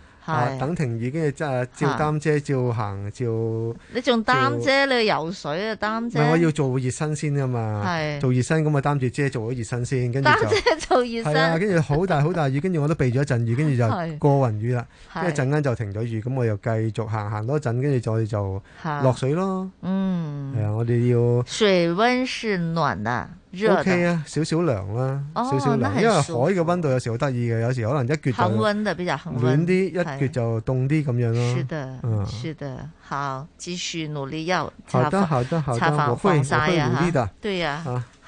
等停雨，跟住即係照擔遮，照行照。你仲擔遮？你去游水啊，擔遮。唔係我要做熱身先啊嘛，做熱身咁啊，擔住遮做咗熱身先，跟住擔遮做熱身。跟住好大好大雨，跟住我都避咗一陣雨，跟住就過雲雨啦。一陣間就停咗雨，咁我又繼續行行多陣，跟住再就落水咯。嗯，係啊，我哋要。水溫是暖的。O.K. 啊，少少涼啦，啊，哦、少少涼，因為海嘅溫度有時好得意嘅，有時可能一橛就，恆溫嘅比較，暖啲，一橛就凍啲咁樣咯。是的，嗯，是的，好，繼續努力要。好的，好的，好的，我會，我會努力的。啊、對呀、啊。啊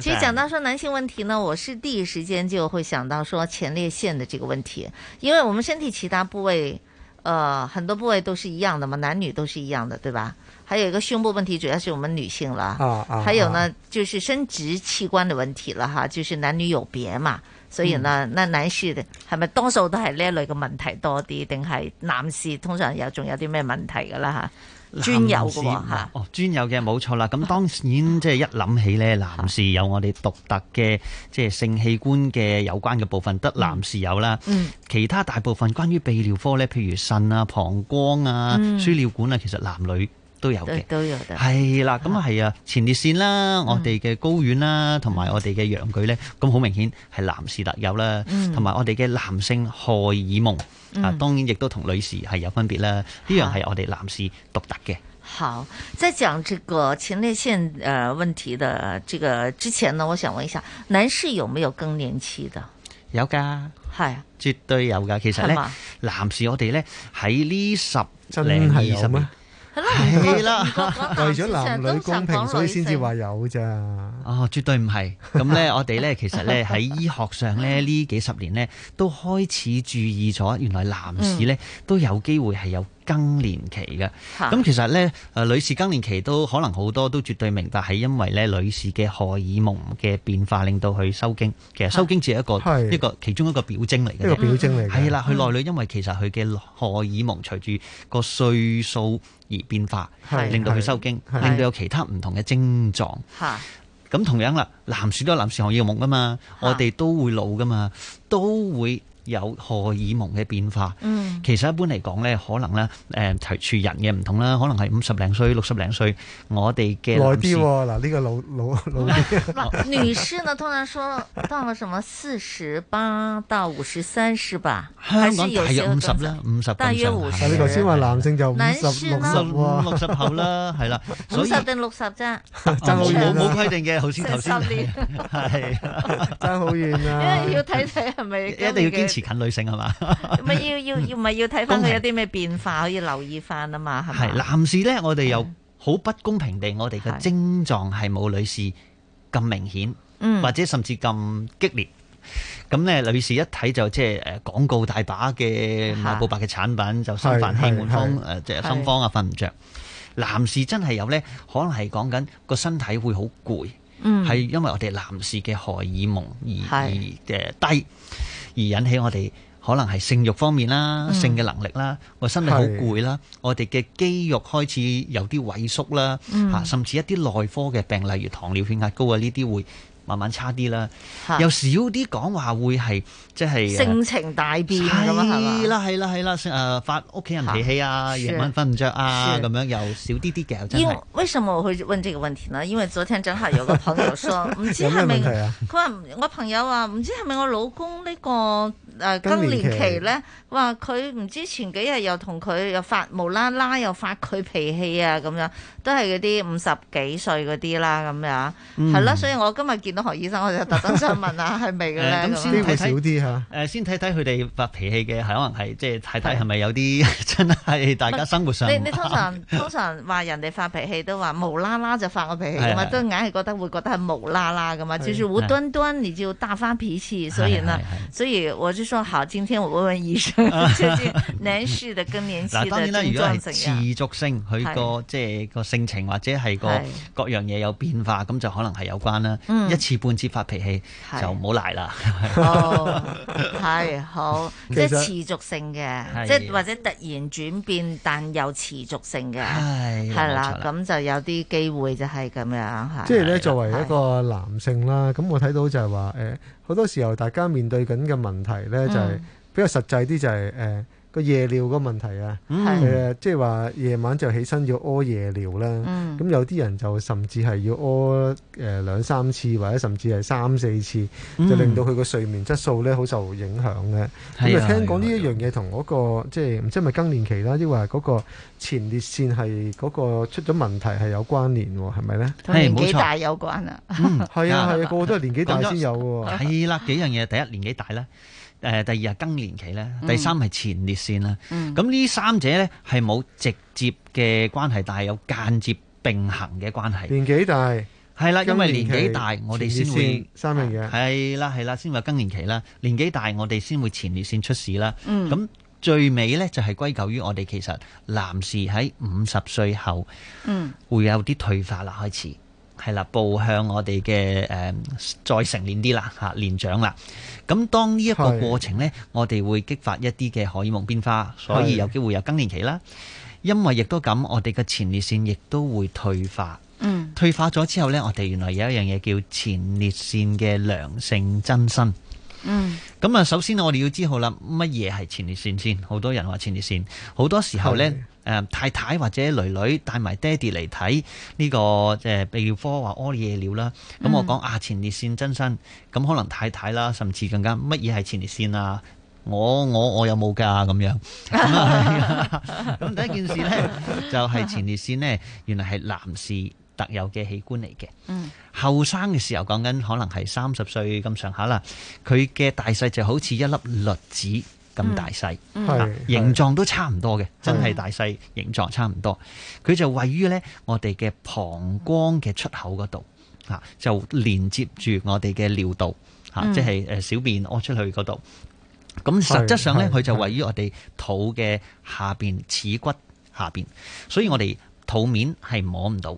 其實講到說男性問題呢，我是第一時間就會想到說前列腺的這個問題，因為我們身體其他部位，呃，很多部位都是一樣的嘛，男女都是一樣的，對吧？還有一個胸部問題，主要是我們女性啦，哦哦、還有呢，就是生殖器官的問題啦，哈，就是男女有別嘛，所以呢，那男士係咪、嗯、多數都係呢一類嘅問題多啲，定係男士通常有仲有啲咩問題噶啦，吓？專有嘅。喎，哦，專有嘅冇錯啦。咁當然即係一諗起咧，男士有我哋獨特嘅即係性器官嘅有關嘅部分，嗯、得男士有啦。嗯、其他大部分關於泌尿科咧，譬如腎啊、膀胱啊、輸尿管啊，其實男女都有嘅，都有嘅。係啦的，咁係啊，前列腺啦，我哋嘅睾丸啦，同埋、嗯、我哋嘅陽具咧，咁好明顯係男士特有啦。同埋、嗯、我哋嘅男性荷爾蒙。啊，嗯、當然亦都同女士係有分別啦，呢樣係我哋男士獨特嘅。好，在講這個前列腺誒問題的這個之前呢，我想問一下，男士有沒有更年期的？有㗎的，係的絕對有㗎。其實呢，是嗎男士我哋呢，喺呢十零二十年。係啦，為咗男女公平，所以先至話有咋？哦，絕對唔係。咁咧，我哋咧，其實咧喺 <laughs> 醫學上咧，呢幾十年咧，都開始注意咗，原來男士咧、嗯、都有機會係有更年期嘅。咁、嗯、其實咧，誒、呃，女士更年期都可能好多都絕對明白，係因為咧，女士嘅荷爾蒙嘅變化令到佢收經。其實收經只係一個、嗯、一個其中一個表徵嚟嘅，一個表徵嚟。係啦，佢內裏因為其實佢嘅荷爾蒙隨住個歲數。而變化，令到佢收經，令到有其他唔同嘅症狀。咁同樣啦，男士都有男士行業嘅夢㗎嘛，我哋都會老㗎嘛，都會。有荷爾蒙嘅變化，其實一般嚟講咧，可能咧誒，隨住人嘅唔同啦，可能係五十零歲、六十零歲，我哋嘅內啲喎。嗱呢個老老老女士呢，通常說到了什麼四十八到五十三，是吧？女士又五十啦，大約五十。但係胡師，你頭先話男性就五十、六十、六十後啦，係啦，五十定六十啫，冇冇規定嘅。五十年，係爭好遠啦。因為要睇睇係咪一定要堅持。近女性係嘛？咪 <laughs> 要要要咪要睇翻佢有啲咩變化平可以留意翻啊嘛？係男士咧，我哋又好不公平地，我哋嘅症狀係冇女士咁明顯，嗯、或者甚至咁激烈。咁咧，女士一睇就即係誒廣告大把嘅馬布白嘅產品，啊、就心煩氣滿慌誒，即係是心慌方啊，瞓唔着。呃、是男士真係有咧，可能係講緊個身體會好攰，係、嗯、因為我哋男士嘅荷爾蒙而是而嘅低。而引起我哋可能係性慾方面啦、嗯、性嘅能力啦，我身體好攰啦，是的 我哋嘅肌肉開始有啲萎縮啦，吓、嗯啊，甚至一啲內科嘅病，例如糖尿病血壓高啊，呢啲會。慢慢差啲啦，又少啲講話，會係即係性情大變咁啊，係嘛？係啦係啦係啦，誒發屋企人脾氣啊，夜晚瞓唔着啊，咁的樣又少啲啲嘅。因為為什麼我會問這個問題呢？因為昨天正好有個朋友說，唔 <laughs> 知係咪佢話我朋友話唔知係咪我老公呢、這個。誒更年期咧，話佢唔知前幾日又同佢又發無啦啦，又發佢脾氣啊咁樣，都係嗰啲五十幾歲嗰啲啦咁樣，係啦，所以我今日見到何醫生，我就特登想問下係咪咁樣。咁先睇少啲嚇，誒先睇睇佢哋發脾氣嘅，係可能係即係睇睇，係咪有啲真係大家生活上。你你通常通常話人哋發脾氣都話無啦啦就發個脾氣，咁啊都硬係覺得會覺得係無啦啦咁啊，就算無端端你就要大發脾氣，所以嗱，所以我說好，今天我問問醫生，男性嘅更年期嗱，當然啦，如果係持續性，佢個即係個性情或者係個各樣嘢有變化，咁就可能係有關啦。一次半次發脾氣就唔好賴啦。好係好，即係持續性嘅，即係或者突然轉變，但又持續性嘅係係啦，咁就有啲機會就係咁樣。即係咧，作為一個男性啦，咁我睇到就係話誒。好多時候，大家面對緊嘅問題咧，就係比較實際啲，就係，就係、嗯個夜尿個問題啊，誒即係話夜晚就起身要屙夜尿啦。咁有啲人就甚至係要屙誒兩三次，或者甚至係三四次，就令到佢個睡眠質素咧好受影響嘅。咁啊聽講呢一樣嘢同嗰個即係唔知係咪更年期啦，抑或係嗰個前列腺係嗰個出咗問題係有關聯喎，係咪咧？同年紀大有關啦。係啊係啊，個個都係年紀大先有喎。係啦，幾樣嘢，第一年紀大咧。誒、呃、第二係更年期咧，第三係前列腺啦。咁呢、嗯、三者咧係冇直接嘅關係，但係有間接並行嘅關係。年紀大係啦，的因為年紀大，我哋先會才三樣嘢。係啦係啦，先會更年期啦。年紀大我哋先會前列腺出事啦。咁、嗯、最尾咧就係歸咎於我哋其實男士喺五十歲後、嗯、會有啲退化啦開始。係啦，步向我哋嘅誒，再成年啲啦，吓、啊、年長啦。咁當呢一個過程呢，是我哋會激發一啲嘅荷爾蒙變化，所以有機會有更年期啦。是因為亦都咁，我哋嘅前列腺亦都會退化。嗯，退化咗之後呢，我哋原來有一樣嘢叫前列腺嘅良性增生。嗯，咁啊，首先我哋要知道好啦，乜嘢係前列腺先？好多人話前列腺，好多時候呢。太太或者女女帶埋爹哋嚟睇呢個誒泌尿科，話屙夜尿啦，咁我講啊前列腺增生，咁可能太太啦，甚至更加乜嘢係前列腺啊？我我我有冇㗎咁樣？咁 <laughs> <laughs> 第一件事咧就係、是、前列腺咧，原來係男士特有嘅器官嚟嘅。後生嘅時候講緊可能係三十歲咁上下啦，佢嘅大細就好似一粒栗子。咁大細，形狀都差唔多嘅，真係大細形狀差唔多。佢就位於咧我哋嘅膀胱嘅出口嗰度，吓就連接住我哋嘅尿道，吓即係誒小便屙出去嗰度。咁實質上咧，佢就位於我哋肚嘅下邊恥骨下邊，所以我哋。肚面係摸唔到，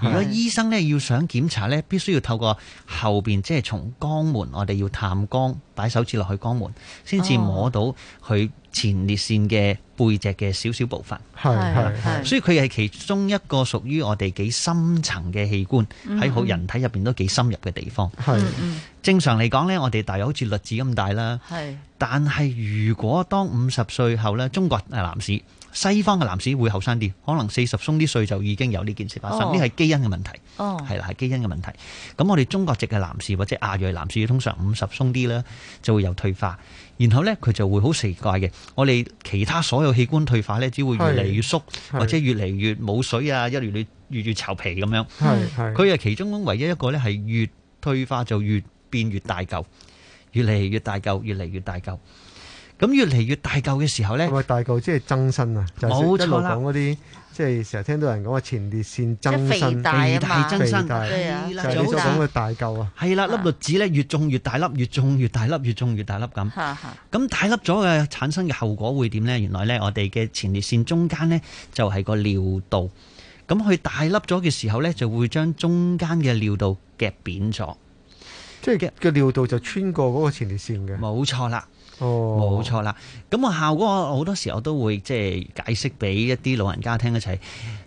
如果醫生咧要想檢查咧，必須要透過後邊，即係從肛門，我哋要探肛，擺手指落去肛門，先至摸到佢前列腺嘅背脊嘅少少部分。係，係，所以佢係其中一個屬於我哋幾深層嘅器官，喺好人體入邊都幾深入嘅地方。係、嗯、正常嚟講咧，我哋大約好似栗子咁大啦。係，但係如果當五十歲後咧，中國係男士。西方嘅男士會後生啲，可能四十鬆啲歲就已經有呢件事發生，呢係、哦、基因嘅問題。哦，係啦，係基因嘅問題。咁我哋中國籍嘅男士或者亞裔男士，通常五十鬆啲啦，就會有退化，然後呢，佢就會好奇怪嘅。我哋其他所有器官退化呢，只會越嚟越縮，是 或者越嚟越冇水啊，一嚟嚟越嚟越越越潮皮咁樣。佢係是 其中唯一一個呢係越退化就越變越大嚿，越嚟越大嚿，越嚟越大嚿。越咁越嚟越大嚿嘅時候咧，係咪大嚿即係增生啊！冇錯啦。講嗰啲即係成日聽到人講話前列腺增生、肥大，肥大、增生大，係呀就係你就講佢大嚿啊！係大啦，粒栗子咧越種越大粒，越種越大粒，越種越大粒咁。咁大粒咗嘅 <laughs> 產生嘅後果會點咧？原來咧，我哋嘅前列腺中間咧就係、係、個尿道，咁佢大粒咗嘅時候咧就會將中間嘅尿道夾扁咗。即係嘅個尿道就穿過嗰個前列腺嘅，冇錯啦。哦，冇錯啦，咁我效果好多時我都會即係解釋俾一啲老人家聽一齊。就係、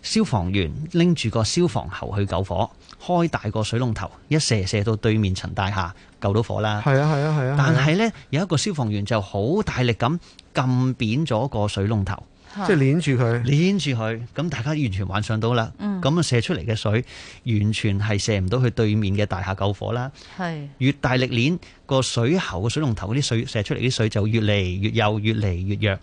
消防員拎住個消防喉去救火，開大個水龍頭，一射射到對面層大廈，救到火啦。係啊係啊係啊！啊啊啊啊，但係呢，有一個消防員就好大力咁撳扁咗個水龍頭。即係捏住佢，捏住佢，咁大家完全幻想到啦。咁啊、嗯、射出嚟嘅水，完全係射唔到去對面嘅大廈救火啦。是越大力捏個水喉水龍頭啲水射出嚟啲水就越嚟越幼，越嚟越弱，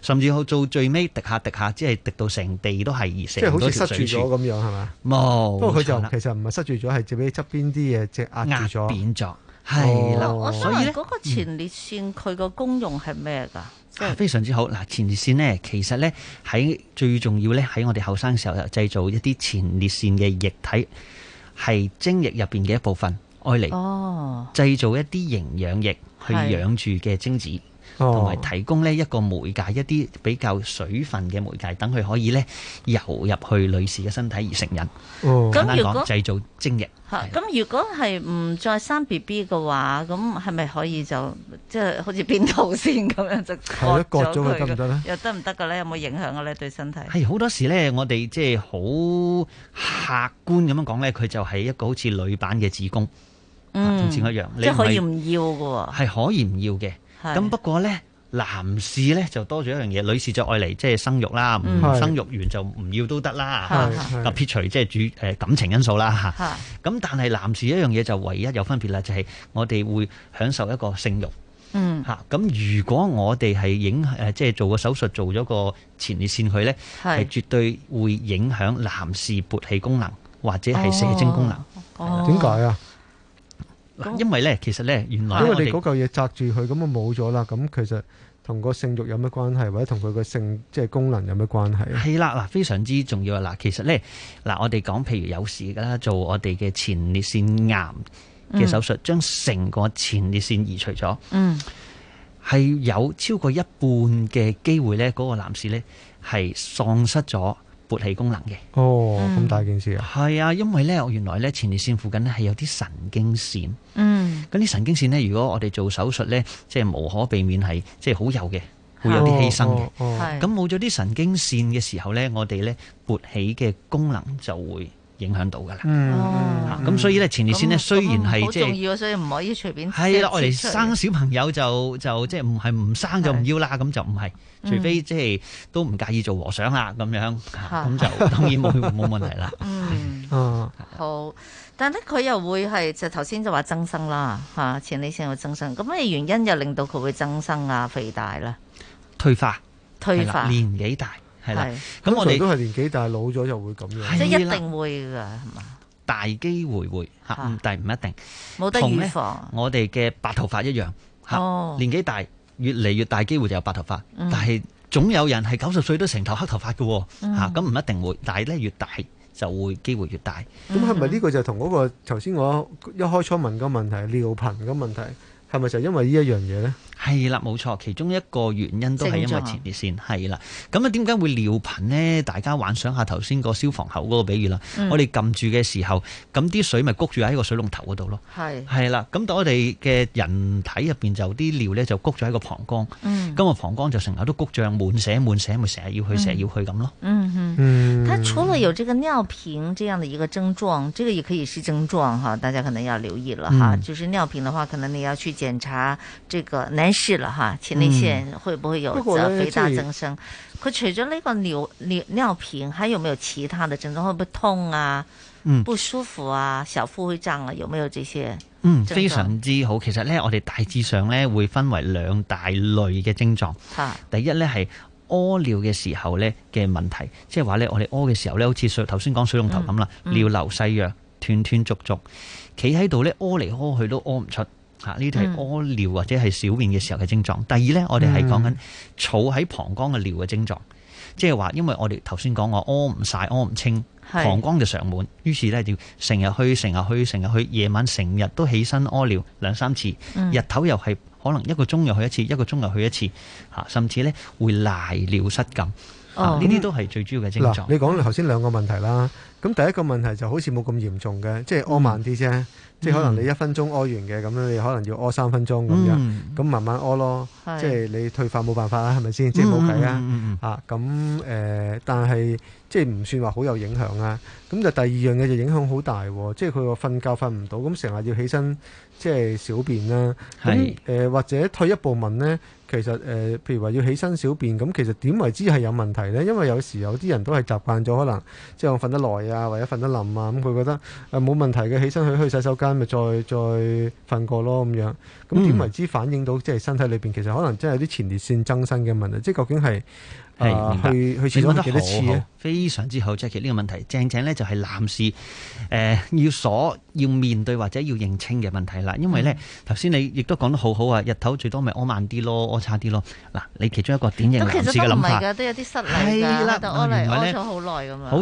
甚至去到最尾滴，滴下滴下，即係滴到成地都係而成。射即係好似塞住咗咁樣係嘛？冇，嗯、不過佢錯就其實唔係塞住咗，係只俾側邊啲嘢只壓住咗，扁咗。係啦，哦、所以嗰個前列腺佢個功用係咩噶？嗯係非常之好嗱，前列腺呢，其實呢，喺最重要呢，喺我哋後生嘅時候就製造一啲前列腺嘅液體，係精液入邊嘅一部分，愛嚟哦，製造一啲營養液去養住嘅精子。哦同埋提供呢一個媒介，一啲比較水分嘅媒介，等佢可以咧游入去女士嘅身體而成癮。咁、哦、如果製造精液，吓咁如果係唔再生 B B 嘅話，咁係咪可以就即係、就是、好似變道先咁樣就割咗佢得唔得嘅？又得唔得嘅咧？有冇影響嘅咧？對身體係好多時咧，我哋即係好客觀咁樣講咧，佢就係一個好似女版嘅子宮，嗯、同前一樣，即係可以唔要嘅，係可以唔要嘅。咁不過咧，男士咧就多咗一樣嘢，女士就愛嚟即係生育啦，唔生育完就唔要都得啦，嗯、啊撇除即係主感情因素啦咁的但係男士一樣嘢就唯一有分別啦，就係、是、我哋會享受一個性慾。嗯。咁、啊、如果我哋係影即係做個手術做咗個前列腺佢咧，係的的絕對會影響男士勃起功能或者係射精功能。點解啊？的因為咧，其實咧，原來我因為你嗰嚿嘢紮住佢，咁啊冇咗啦。咁其實同個性慾有乜關係，或者同佢個性即係功能有乜關係？係啦，嗱，非常之重要啊！嗱，其實咧，嗱，我哋講譬如有時噶啦，做我哋嘅前列腺癌嘅手術，將成、嗯、個前列腺移除咗，嗯，係有超過一半嘅機會咧，嗰、嗰個男士咧係喪失咗。勃起功能嘅。哦，咁大件事啊！係啊、嗯，因為咧，我原來咧，前列腺附近咧係有啲神經線，嗯，咁啲神經線咧，如果我哋做手術咧，即係無可避免係即係好有嘅，會有啲犧牲嘅。係、哦，咁冇咗啲神經線嘅時候咧，我哋咧勃起嘅功能就會。影響到噶啦，咁所以咧，前列腺咧雖然係即重要，所以唔可以隨便係啦。我哋生小朋友就就即係唔係唔生就唔要啦，咁就唔係，除非即係都唔介意做和尚啦咁樣，咁就當然冇冇問題啦。嗯，好。但係咧佢又會係就頭先就話增生啦，吓，前列腺會增生。咁咩原因又令到佢會增生啊、肥大啦？退化，退化，係啦，年紀大。係啦，咁我哋都係年紀大老咗就會咁樣，即係一定會㗎，係嘛？大機會會嚇，但係唔一定，冇得預防。我哋嘅白頭髮一樣嚇，年紀大越嚟越大機會就有白頭髮，但係總有人係九十歲都成頭黑頭髮㗎喎嚇，咁唔一定會，但係咧，越大就會機會越大。咁係咪呢個就係同嗰個頭先我一開初問個問題尿頻嘅問題係咪就因為呢一樣嘢咧？係啦，冇錯，其中一個原因都係因為前列腺，係啦。咁啊，點解會尿頻呢？大家幻想下頭先個消防口嗰個比喻啦。嗯、我哋撳住嘅時候，咁啲水咪谷住喺個水龍頭嗰度咯。係係啦，咁到我哋嘅人體入邊就啲尿咧就谷咗喺個膀胱。嗯，咁個膀胱就成日都谷脹，滿瀉滿瀉，咪成日要去，成日要去咁咯。嗯嗯，樣嗯。佢除了有這個尿頻這樣的一個症狀，這個也可以是症狀哈，大家可能要留意了哈。嗯、就是尿頻的話，可能你要去檢查這個男。啊、是啦，哈，前列腺會不會有肥大增生？佢、嗯、除咗呢個尿尿尿頻，還有沒有其他的症狀？會唔會痛啊？嗯，不舒服啊？小腹會脹啊？有沒有這些？嗯，非常之好。其實呢，我哋大致上呢會分為兩大類嘅症狀。嗯、第一呢係屙尿嘅時候呢嘅問題，即係話呢，我哋屙嘅時候呢，好似水頭先講水龍頭咁啦，嗯嗯、尿流細弱，斷斷續續，企喺度呢，屙嚟屙去都屙唔出。吓，呢啲係屙尿或者係小便嘅時候嘅症狀。第二呢，我哋係講緊儲喺膀胱嘅尿嘅症狀，即係話，因為我哋頭先講我屙唔晒、屙唔清，膀胱就常滿，於是呢，就成日去、成日去、成日去，夜晚成日都起身屙尿兩三次，嗯、日頭又係可能一個鐘又去一次，一個鐘又去一次，吓、啊，甚至呢會賴尿失禁。呢啲、啊啊、都係最主要嘅症狀、啊。你講頭先兩個問題啦。咁第一個問題就好似冇咁嚴重嘅，即係屙慢啲啫。嗯、即係可能你一分鐘屙完嘅，咁樣你可能要屙三分鐘咁樣，咁、嗯、慢慢屙咯。是即係你退化冇辦法啦，係咪先？即係冇計啊。啊，咁誒，但係即係唔算話好有影響啊。咁就第二樣嘢就影響好大喎。即係佢個瞓覺瞓唔到，咁成日要起身，即係小便啦。咁誒是、呃，或者退一步問咧？其實誒、呃，譬如話要起身小便，咁其實點為之係有問題呢？因為有時有啲人都係習慣咗，可能即係我瞓得耐啊，或者瞓得冧啊，咁佢覺得誒冇、呃、問題嘅，起身去去洗手間咪再再瞓過咯咁樣。咁點為之反映到即係身體裏邊其實可能真係有啲前列腺增生嘅問題？即係究竟係？係，去去前翻多次咧？非常之好 j a c k i e 呢個問題，正正咧就係男士誒、呃、要所要面對或者要認清嘅問題啦。因為咧頭先你亦都講得好好啊，日頭最多咪屙慢啲咯，屙差啲咯。嗱，你其中一個典型男士嘅諗法都是，都有啲失禮㗎。我原來咧，好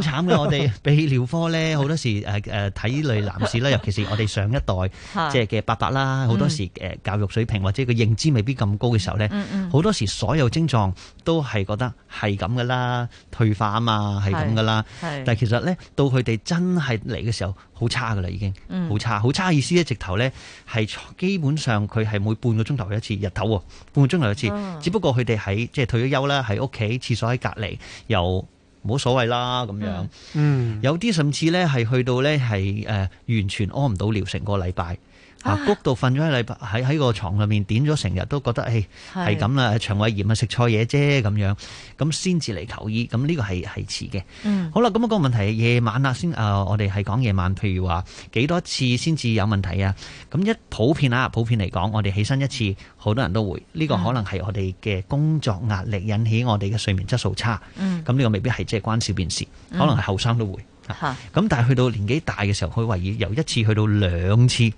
慘嘅，我哋比起尿科咧好多時誒誒睇嚟男士啦，尤其是我哋上一代即係嘅伯伯啦，好、嗯、多時誒教育水平或者佢認知未必咁高嘅時候咧，好、嗯嗯、多時所有症狀都係覺得。係咁噶啦，退化啊嘛，係咁噶啦。但係其實咧，到佢哋真係嚟嘅時候，好差噶啦，已經好差，差，好差。意思咧，直頭咧係基本上佢係每半個鐘頭一次，日頭喎，半個鐘頭一次。哦、只不過佢哋喺即係退咗休啦，喺屋企廁所喺隔籬，又冇所謂啦咁樣。嗯，有啲甚至咧係去到咧係誒，完全屙唔到尿，成個禮拜。啊，谷度瞓咗一禮拜，喺喺個床裏面點咗成日，都覺得誒係咁啦，腸胃炎啊，食錯嘢，啫咁樣，咁先至嚟求醫。咁呢個係係遲嘅。嗯，好啦，咁個問題夜晚啊，先、呃、我哋係講夜晚，譬如話幾多次先至有問題啊？咁一普遍啊，普遍嚟講，我哋起身一次，嗯，好多人都會呢個可能係我哋嘅工作壓力引起我哋嘅睡眠質素差。嗯、咁呢個未必係即係關小便事，可能係後生都會咁，但係去到年紀大嘅時候，可以話以由一次去到兩次。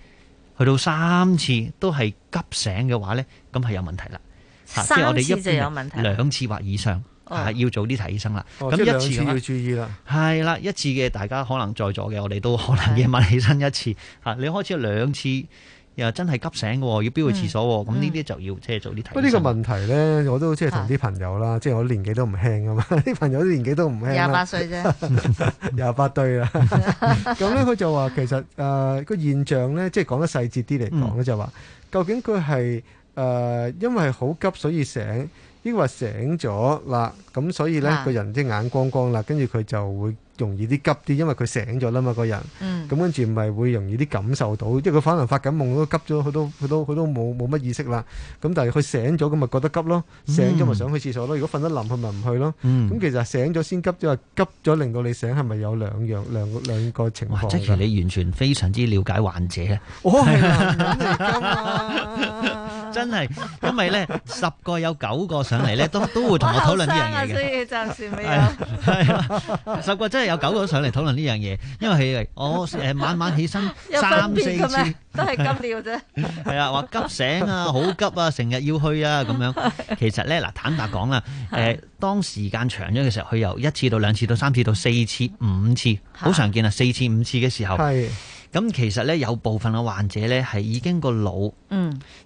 去到三次都係急醒嘅話呢，咁係有問題啦。三次就有問題，兩、啊、次或以上，係、哦、要做啲睇醫生啦。咁一、哦、次話要注意啦。係啦，一次嘅大家可能在座嘅，我哋都可能夜晚起身一次。吓的，你開始兩次。又真係急醒嘅，要飆去廁所？咁呢啲就要即係早啲睇。不過呢個問題咧，我都即係同啲朋友啦，即係我年紀都唔輕啊嘛，啲朋友啲年紀都唔輕。廿八歲啫，廿八對啦。咁咧佢就話，其實誒個現象咧，即係講得細節啲嚟講咧，就話究竟佢係誒因為好急所以醒，抑或醒咗啦，咁所以咧個人即係眼光光啦，跟住佢就會。容易啲急啲，因為佢醒咗啦嘛，個人。嗯。咁跟住唔係會容易啲感受到，即係佢反而發緊夢都急咗，佢都佢都佢都冇冇乜意識啦。咁但係佢醒咗咁咪覺得急咯，醒咗咪想去廁所咯。如果瞓得冧，佢咪唔去咯。嗯。咁其實醒咗先急，即係急咗令到你醒，係咪有兩樣兩兩個情況？即係你完全非常之了解患者。我係、哦 <laughs> 真係，因為咧十個有九個上嚟咧，都都會同我討論呢樣嘢嘅。後生啊，所以暫時未有、啊。係啦、啊，十個真係有九個都上嚟討論呢樣嘢，因為係我誒晚、呃、晚起身三四次，都係急尿啫。係啊，話、啊、急醒啊，好急啊，成日要去啊咁樣。其實咧嗱，坦白講啦，誒、呃、當時間長咗嘅時候，佢由一次到兩次到三次到四次五次，好常見啊，四次五次嘅時候。係。咁其實咧，有部分嘅患者咧係已經個腦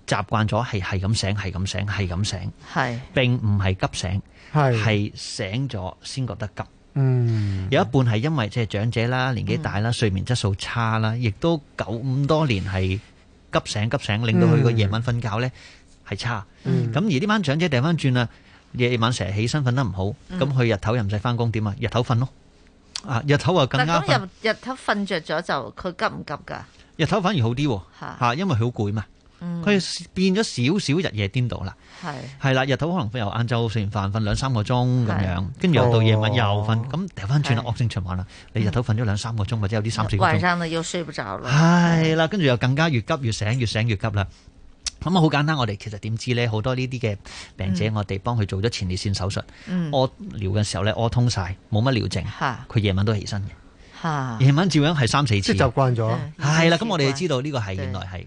習慣咗係係咁醒，係咁醒，係咁醒，是並唔係急醒，係是醒咗先覺得急。嗯，有一半係因為即係長者啦，年紀大啦，睡眠質素差啦，亦都久咁多年係急醒急醒，令到佢個夜晚瞓覺咧係差。咁、嗯、而呢班長者掉翻轉啦，夜晚成日起身瞓得唔好，咁佢、嗯、日頭又唔使翻工，點啊？日頭瞓咯。啊！日頭又更加瞓，但係咁日日頭瞓着咗就佢急唔急噶？日頭反而好啲，吓，因為佢好攰嘛，佢變咗少少日夜顛倒啦，係係啦，日頭可能由晏晝食完飯瞓兩三個鐘咁樣，跟住又到夜晚又瞓，咁掉翻轉啦，惡性循環啦，你日頭瞓咗兩三個鐘或者有啲三四，晚上又睡不着啦，係啦，跟住又更加越急越醒，越醒越急啦。咁啊，好、嗯、簡單，我哋其實點知咧？好多呢啲嘅病者，我哋幫佢做咗前列腺手術，屙尿嘅時候咧，屙通晒，冇乜尿症，佢夜、嗯、晚都起身嘅，夜、嗯嗯、晚照樣係三四次，即係習慣咗，係啦，咁我哋知道呢個係原來係。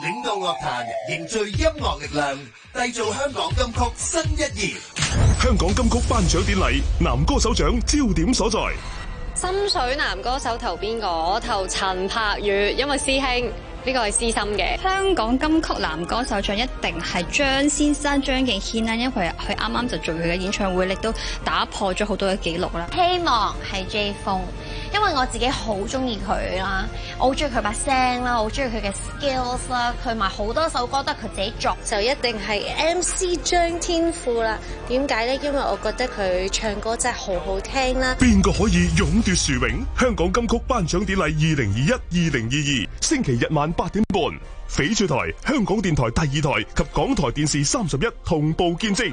領導樂壇，凝聚音樂力量，締造香港金曲新一頁。香港金曲頒獎典禮，男歌手獎焦點所在。心水男歌手投邊個？我投陳柏宇，因為師兄。呢個係私心嘅。香港金曲男歌手獎一定係張先生張敬軒啦，因為佢啱啱就做佢嘅演唱會亦都打破咗好多嘅記錄啦。希望係 J 風，F one, 因為我自己好中意佢啦，我好中意佢把聲啦，好中意佢嘅 skills 啦，佢埋好多首歌得佢自己作，就一定係 MC 張天賦啦。點解咧？因為我覺得佢唱歌真係好好聽啦。邊個可以勇奪殊榮？香港金曲頒獎典禮二零二一二零二二星期日晚。八點半，翡翠台、香港電台第二台及港台電視三十一同步見證。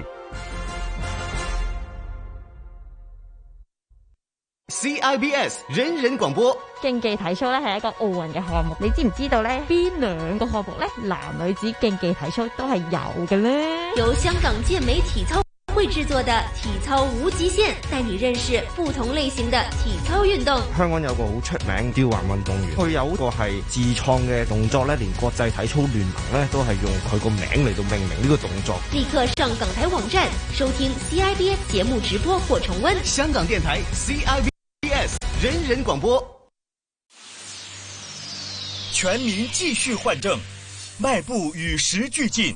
CIBS 人人廣播，競技體操咧係一個奧運嘅項目，你知唔知道呢？邊兩個項目呢？男女子競技體操都係有嘅呢，有香港健美體操。會製作的體操無極限，帶你認識不同類型的體操運動。香港有個好出名的吊環運動員，佢有個係自創嘅動作呢，連國際體操聯盟呢都係用佢個名嚟到命名呢個動作。立刻上港台網站收聽 CIBS 節目直播或重溫。香港電台 CIBS 人人廣播，全民繼續換證，邁步與時俱進。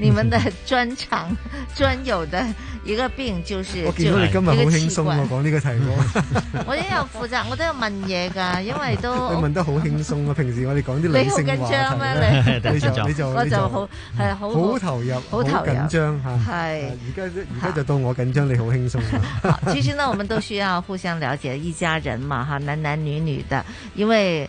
你們的專長、專有的一個病就是。我見到你今日好輕鬆喎，講呢個題目。我都有負責，我都有問嘢噶，因為都。你問得好輕鬆啊！平時我哋講啲理性嘅話咧，你好緊張咩？你你就好。好好投入。好緊張吓。係。而家而家就到我緊張，你好輕鬆。其實呢，我們都需要互相了解，一家人嘛，哈男男女女的，因為。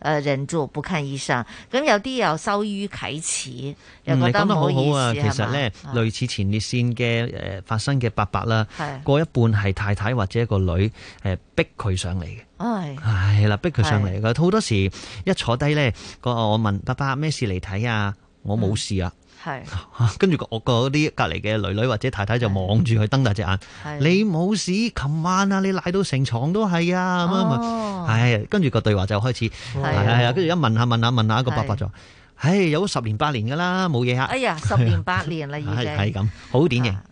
誒、呃，忍住不看醫生，咁有啲又羞於啟齒，又覺得好、嗯、好啊。好其實咧，嗯、類似前列腺嘅誒發生嘅伯伯啦，的過一半係太太或者一個女逼佢上嚟嘅，係、呃、啦，逼佢上嚟嘅。好多時一坐低咧，我問伯伯咩事嚟睇啊？我冇事啊。係，跟住個我個嗰啲隔籬嘅女女或者太太就望住佢瞪大隻眼，是你冇事？琴晚啊，你賴到成床都係啊，咁係、哦，跟住個對話就開始，係啊的，跟住、哎、一問一下問一下問下，個伯伯就，唉、哎，有十年八年噶啦，冇嘢吓哎呀，十年八年啦已經，係咁，好典型。啊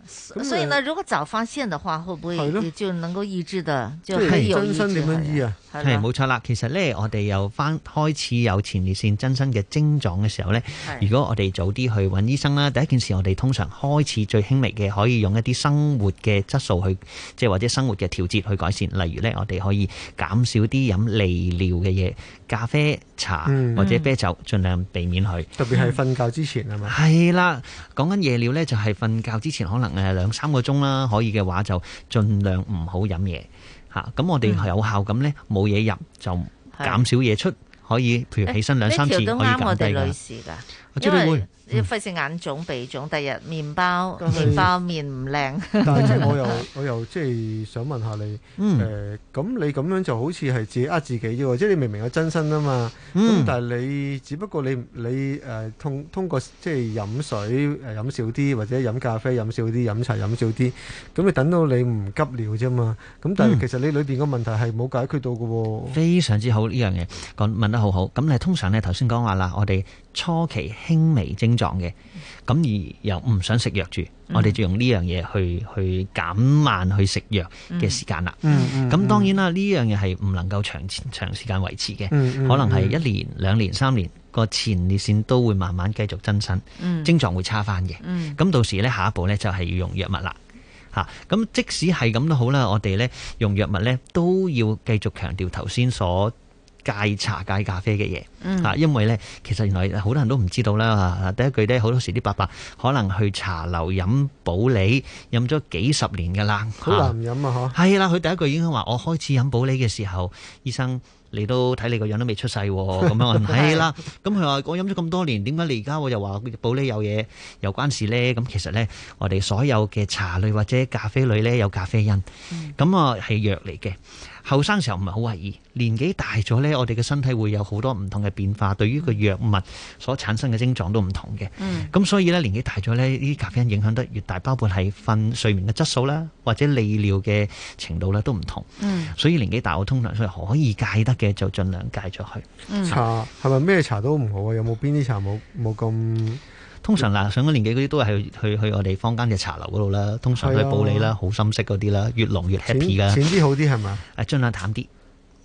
所以呢，如果早發現嘅話，會唔會就能夠抑制的？的就係增生點樣醫啊？係冇錯啦。其實呢，我哋有翻開始有前列腺增生嘅症狀嘅時候呢，的如果我哋早啲去揾醫生啦，第一件事我哋通常開始最輕微嘅，可以用一啲生活嘅質素去，即係或者生活嘅調節去改善。例如呢，我哋可以減少啲飲利尿嘅嘢，嗯、咖啡、茶或者啤酒，盡量避免去。嗯、特別係瞓覺之前係咪？係啦、嗯，講緊夜尿呢，就係、是、瞓覺之前可能。係兩三個鐘啦，可以嘅話就盡量唔好飲嘢吓。咁、嗯、我哋有效咁咧，冇嘢入就減少嘢出，是可以譬如起身兩三次、欸、我可以減低噶。一費事眼腫鼻腫，第日麵包麵包面唔靚。但係即係我又我又即係想問下你，誒咁你咁樣就好似係自己呃自己啫喎，即係你明明有真身啊嘛。咁但係你只不過你你誒通通過即係飲水飲少啲，或者飲咖啡飲少啲，飲茶飲少啲，咁你等到你唔急尿啫嘛。咁但係其實你裏邊個問題係冇解決到噶喎。非常之好呢樣嘢，講問得好好。咁你通常咧頭先講話啦，我哋。初期輕微症狀嘅，咁而又唔想食藥住，我哋就用呢樣嘢去去減慢去食藥嘅時間啦。咁、嗯嗯嗯、當然啦，呢樣嘢係唔能夠長長時間維持嘅，嗯嗯、可能係一年、嗯、兩年、三年，個前列腺都會慢慢繼續增生，症、嗯、狀會差翻嘅。咁到時咧，下一步咧就係要用藥物啦。嚇、嗯！咁、嗯、即使係咁都好啦，我哋咧用藥物咧都要繼續強調頭先所。戒茶戒咖啡嘅嘢，吓、嗯，因為咧，其實原來好多人都唔知道啦。吓，第一句咧，好多時啲伯伯可能去茶樓飲普洱，飲咗幾十年㗎啦，好難飲啊，嗬。係啦，佢第一句已經話我開始飲普洱嘅時候，醫生你都睇你個樣都未出世、啊，咁 <laughs> 樣我係啦。咁佢話我飲咗咁多年，點解你而家我又話普洱有嘢有關事咧？咁其實咧，我哋所有嘅茶類或者咖啡類咧，有咖啡因，咁啊係藥嚟嘅。後生時候唔係好懷疑，年紀大咗呢，我哋嘅身體會有好多唔同嘅變化，對於個藥物所產生嘅症狀都唔同嘅。嗯，咁所以呢，年紀大咗呢，呢啲咖啡因影響得越大，包括係瞓睡眠嘅質素啦，或者利尿嘅程度咧都唔同。嗯，所以年紀大我通常係可以戒得嘅就盡量戒咗佢。嗯，茶係咪咩茶都唔好啊？有冇邊啲茶冇冇咁？通常嗱，上咗年紀嗰啲都係去去我哋坊間嘅茶樓嗰度啦。通常去普洱啦，好深色嗰啲啦，越濃越 happy 噶。淺啲好啲係嘛？盡量淡啲，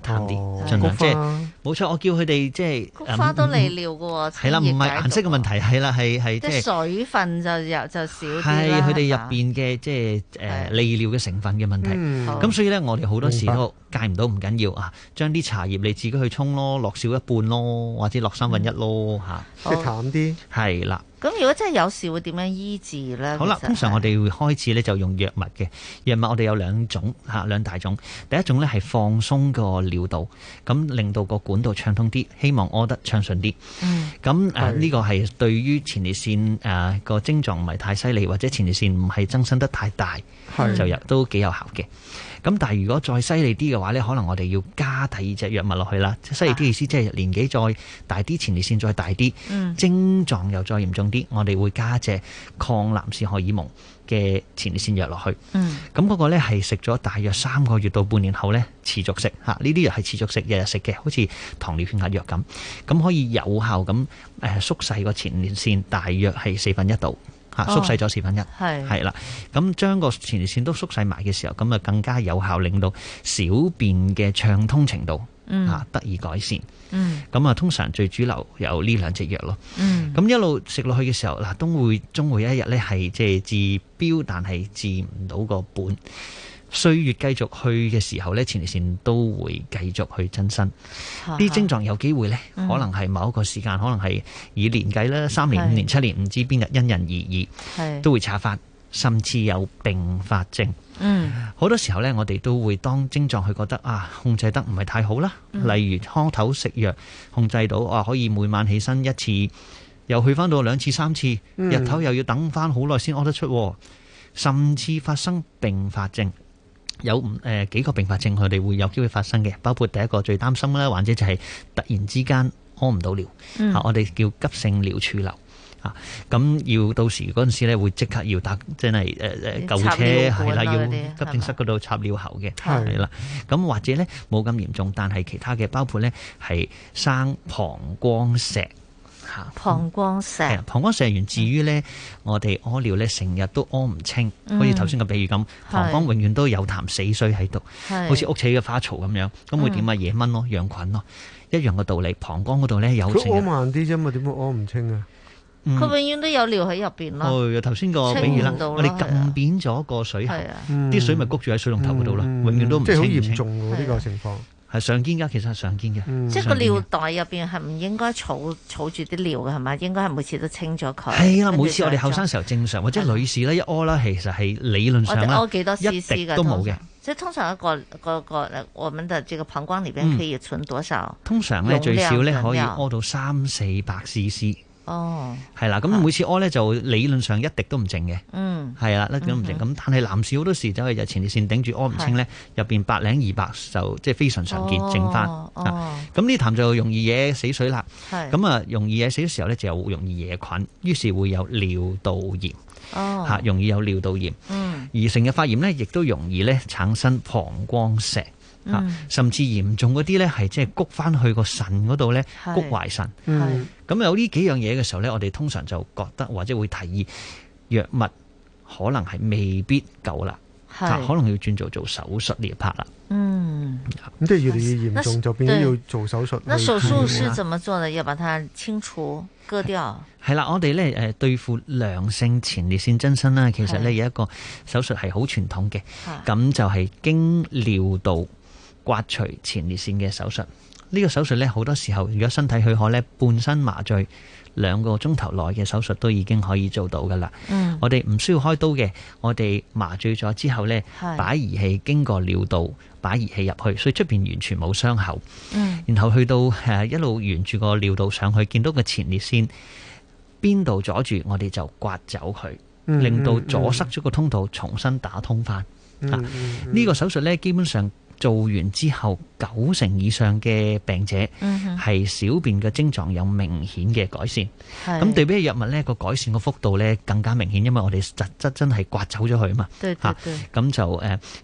淡啲盡量即係冇錯。我叫佢哋即係菊花都利尿噶，係啦，唔係顏色嘅問題，係啦，係係即係水分就就少。係佢哋入邊嘅即係誒利尿嘅成分嘅問題。咁所以咧，我哋好多時都戒唔到，唔緊要啊。將啲茶葉你自己去沖咯，落少一半咯，或者落三分一咯，吓，即係淡啲。係啦。咁如果真係有事，會點樣醫治呢？好啦，通常我哋會開始咧就用藥物嘅，藥物我，我哋有兩種嚇兩大種。第一種咧係放鬆個尿道，咁令到個管道暢通啲，希望屙得暢順啲。嗯，咁呢、啊、是個係對於前列腺誒個症狀唔係太犀利，或者前列腺唔係增生得太大，是就又都幾有效嘅。咁但係如果再犀利啲嘅話呢，可能我哋要加第二隻藥物落去啦。犀利啲意思即係年紀再大啲，前列腺再大啲，症、嗯、狀又再嚴重啲，我哋會加隻抗男性荷爾蒙嘅前列腺藥落去。咁嗰、嗯、個呢係食咗大約三個月到半年後呢，持續食嚇，呢啲藥係持續食，日日食嘅，好似糖尿血壓藥咁。咁可以有效咁誒縮細個前列腺，大約係四分一度。縮細咗四分一，係係啦，咁將個前列腺都縮細埋嘅時候，咁啊更加有效令到小便嘅暢通程度得以改善。嗯，咁、嗯、啊通常最主流有呢兩隻藥咯。嗯，咁一路食落去嘅時候，嗱，都會終會有一日咧，係即係治標，但係治唔到個本。歲月繼續去嘅時候呢，前列腺都會繼續去增生，啲症狀有機會呢，可能係某一個時間，嗯、可能係以年計啦，三年、五年、七是年，唔知邊日，因人而異，是都會查發，甚至有併發症。嗯，好多時候呢，我哋都會當症狀，去覺得啊，控制得唔係太好啦。例如開頭食藥，控制到啊，可以每晚起身一次，又去翻到兩次、三次，日頭又要等翻好耐先屙得出，嗯、甚至發生併發症。有唔誒、呃、幾個併發症，佢哋會有機會發生嘅，包括第一個最擔心啦，或者就係突然之間屙唔到尿，嚇、嗯啊、我哋叫急性尿儲留，嚇、啊、咁要到時嗰陣時咧，會即刻要搭，即係誒誒救護車係啦，要急症室嗰度插尿喉嘅，係吧啦，咁、嗯嗯、或者咧冇咁嚴重，但係其他嘅包括咧係生膀胱石。膀胱石，膀胱石源自於咧，我哋屙尿咧成日都屙唔清，好似頭先個比喻咁，膀胱永遠都有潭死水喺度，好似屋企嘅花槽咁樣，咁會點啊？野蚊咯，養菌咯，一樣嘅道理。膀胱嗰度咧有。佢屙慢啲啫嘛，點會屙唔清啊？佢永遠都有尿喺入邊啦。頭先個比喻啦，我哋撳扁咗個水喉，啲水咪谷住喺水龍頭嗰度啦，永遠都唔清。即係好嚴重噶呢個情況。係常見噶，其實係常見嘅。即係、嗯、個尿袋入邊係唔應該儲儲住啲尿嘅，係咪？應該係每次都清咗佢。係啊，每次我哋後生時候正常，或者女士咧一屙啦，其實係理論上屙幾多 cc 的一滴都冇嘅。即係通,通常一個個個,個我們嘅這個膀胱裏邊可以存多少？嗯、通常咧最少咧可以屙到三四百 CC。哦，係啦，咁每次屙咧就理論上一滴都唔淨嘅，嗯，係啦，一滴都唔淨，咁但係男士好多時就係前列腺頂住屙唔清咧，入邊百零二百就即係、就是、非常常見，淨翻咁呢痰就容易惹死水啦，咁啊的容易惹死嘅時候咧就容易惹菌，於是會有尿道炎，吓、哦、容易有尿道炎，嗯、而成日發炎咧，亦都容易咧產生膀胱石。甚至嚴重嗰啲呢，係即係谷返去個腎嗰度呢，谷壞腎。咁有呢幾樣嘢嘅時候呢，我哋通常就覺得或者會提議藥物可能係未必夠啦，可能要轉做做手術裂拍啦。嗯，咁即係越嚟越嚴重，就變咗要做手術。手術是怎麼做呢？要把它清除割掉？係啦，我哋呢，誒對付良性前列腺增生啦。其實呢，有一個手術係好傳統嘅，咁就係經尿道。刮除前列腺嘅手術，呢、呢個手術呢，好多時候，如果身體許可呢，半身麻醉兩個鐘頭內嘅手術都已經可以做到噶啦。嗯，我哋唔需要開刀嘅，我哋麻醉咗之後呢，擺儀器經過尿道，擺儀器入去，所以出邊完全冇傷口。嗯、然後去到一路沿住個尿道上去，見到個前列腺邊度阻住，我哋就刮走佢，令到阻塞咗個通道，重新打通翻。呢、嗯嗯嗯，啊呢個手術呢，基本上。做完之後，九成以上嘅病者係小便嘅症狀有明顯嘅改善。咁、嗯、哼對比藥物呢個改善個幅度呢，更加明顯，因為我哋實質真係刮走咗佢啊嘛。嚇對對對，咁、啊、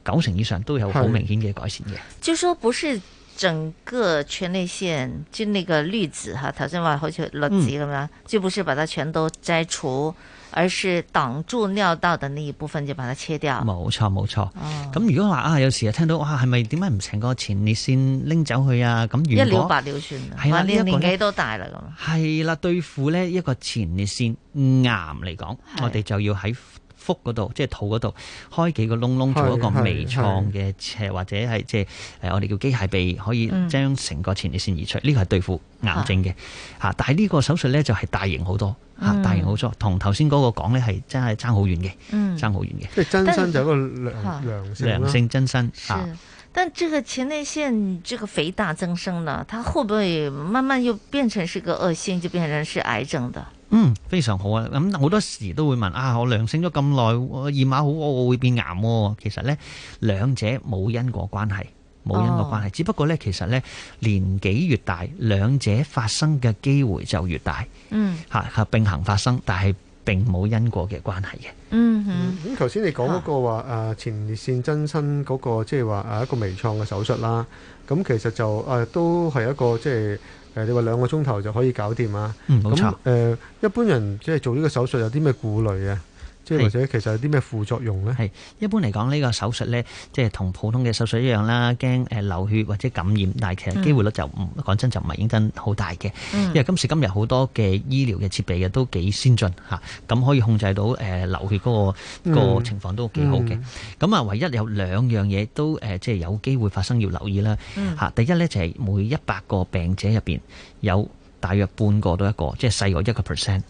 就誒九成以上都有好明顯嘅改善嘅。對對對就是不是整個前列腺就那個粒子哈，頭先話好似栗子噉樣？好嗯、就不是把它全都摘除？而是擋住尿道的那一部分就把它切掉。冇錯冇錯。咁、哦、如果話啊，有時聽到哇，係咪點解唔成個前列腺拎走去啊？咁如果一了百了算，係啦，你一年紀都大啦咁。係啦，對付咧一個前列腺癌嚟講，啊、我哋就要喺。腹度，即係肚嗰度，開幾個窿窿，做一個微創嘅。是是是或者係即係我哋叫機械臂，可以將成個前列腺移除。呢個係對付癌症嘅吓，啊、但係呢個手術咧就係、是、大型好多吓、嗯啊，大型好多，同頭先嗰個講咧係真係差好遠嘅，嗯、差好遠嘅。即係增生就係一個良性，嗯、良性增生。啊、是，但係這個前列腺這個肥大增生呢，它會不會慢慢又變成是個惡性，就變成是癌症的？嗯，非常好啊！咁好多時都會問啊，我良性咗咁耐，二馬好，我會變癌？其實咧，兩者冇因果關係，冇因果關係。只不過咧，其實咧，年紀越大，兩者發生嘅機會就越大。嗯，吓吓並行發生，但係並冇因果嘅關係嘅。嗯，咁頭先你講嗰個話誒，前列腺增生嗰個即係話誒一個微創嘅手術啦。咁其實就誒都係一個即係。誒、呃、你話兩個鐘頭就可以搞掂啊！咁誒，一般人即係做呢個手術有啲咩顧慮啊？或者其實有啲咩副作用咧？係一般嚟講呢個手術咧，即係同普通嘅手術一樣啦，驚誒流血或者感染，但係其實機會率就唔講、嗯、真就唔係應該好大嘅。嗯、因為今時今日好多嘅醫療嘅設備嘅都幾先進嚇，咁、啊、可以控制到誒、呃、流血嗰、那個嗯、個情況都幾好嘅。咁啊、嗯，唯一有兩樣嘢都誒、呃，即係有機會發生要留意啦嚇、啊。第一咧就係、是、每一百個病者入邊有，大約半個到一個，即係細過一個 percent，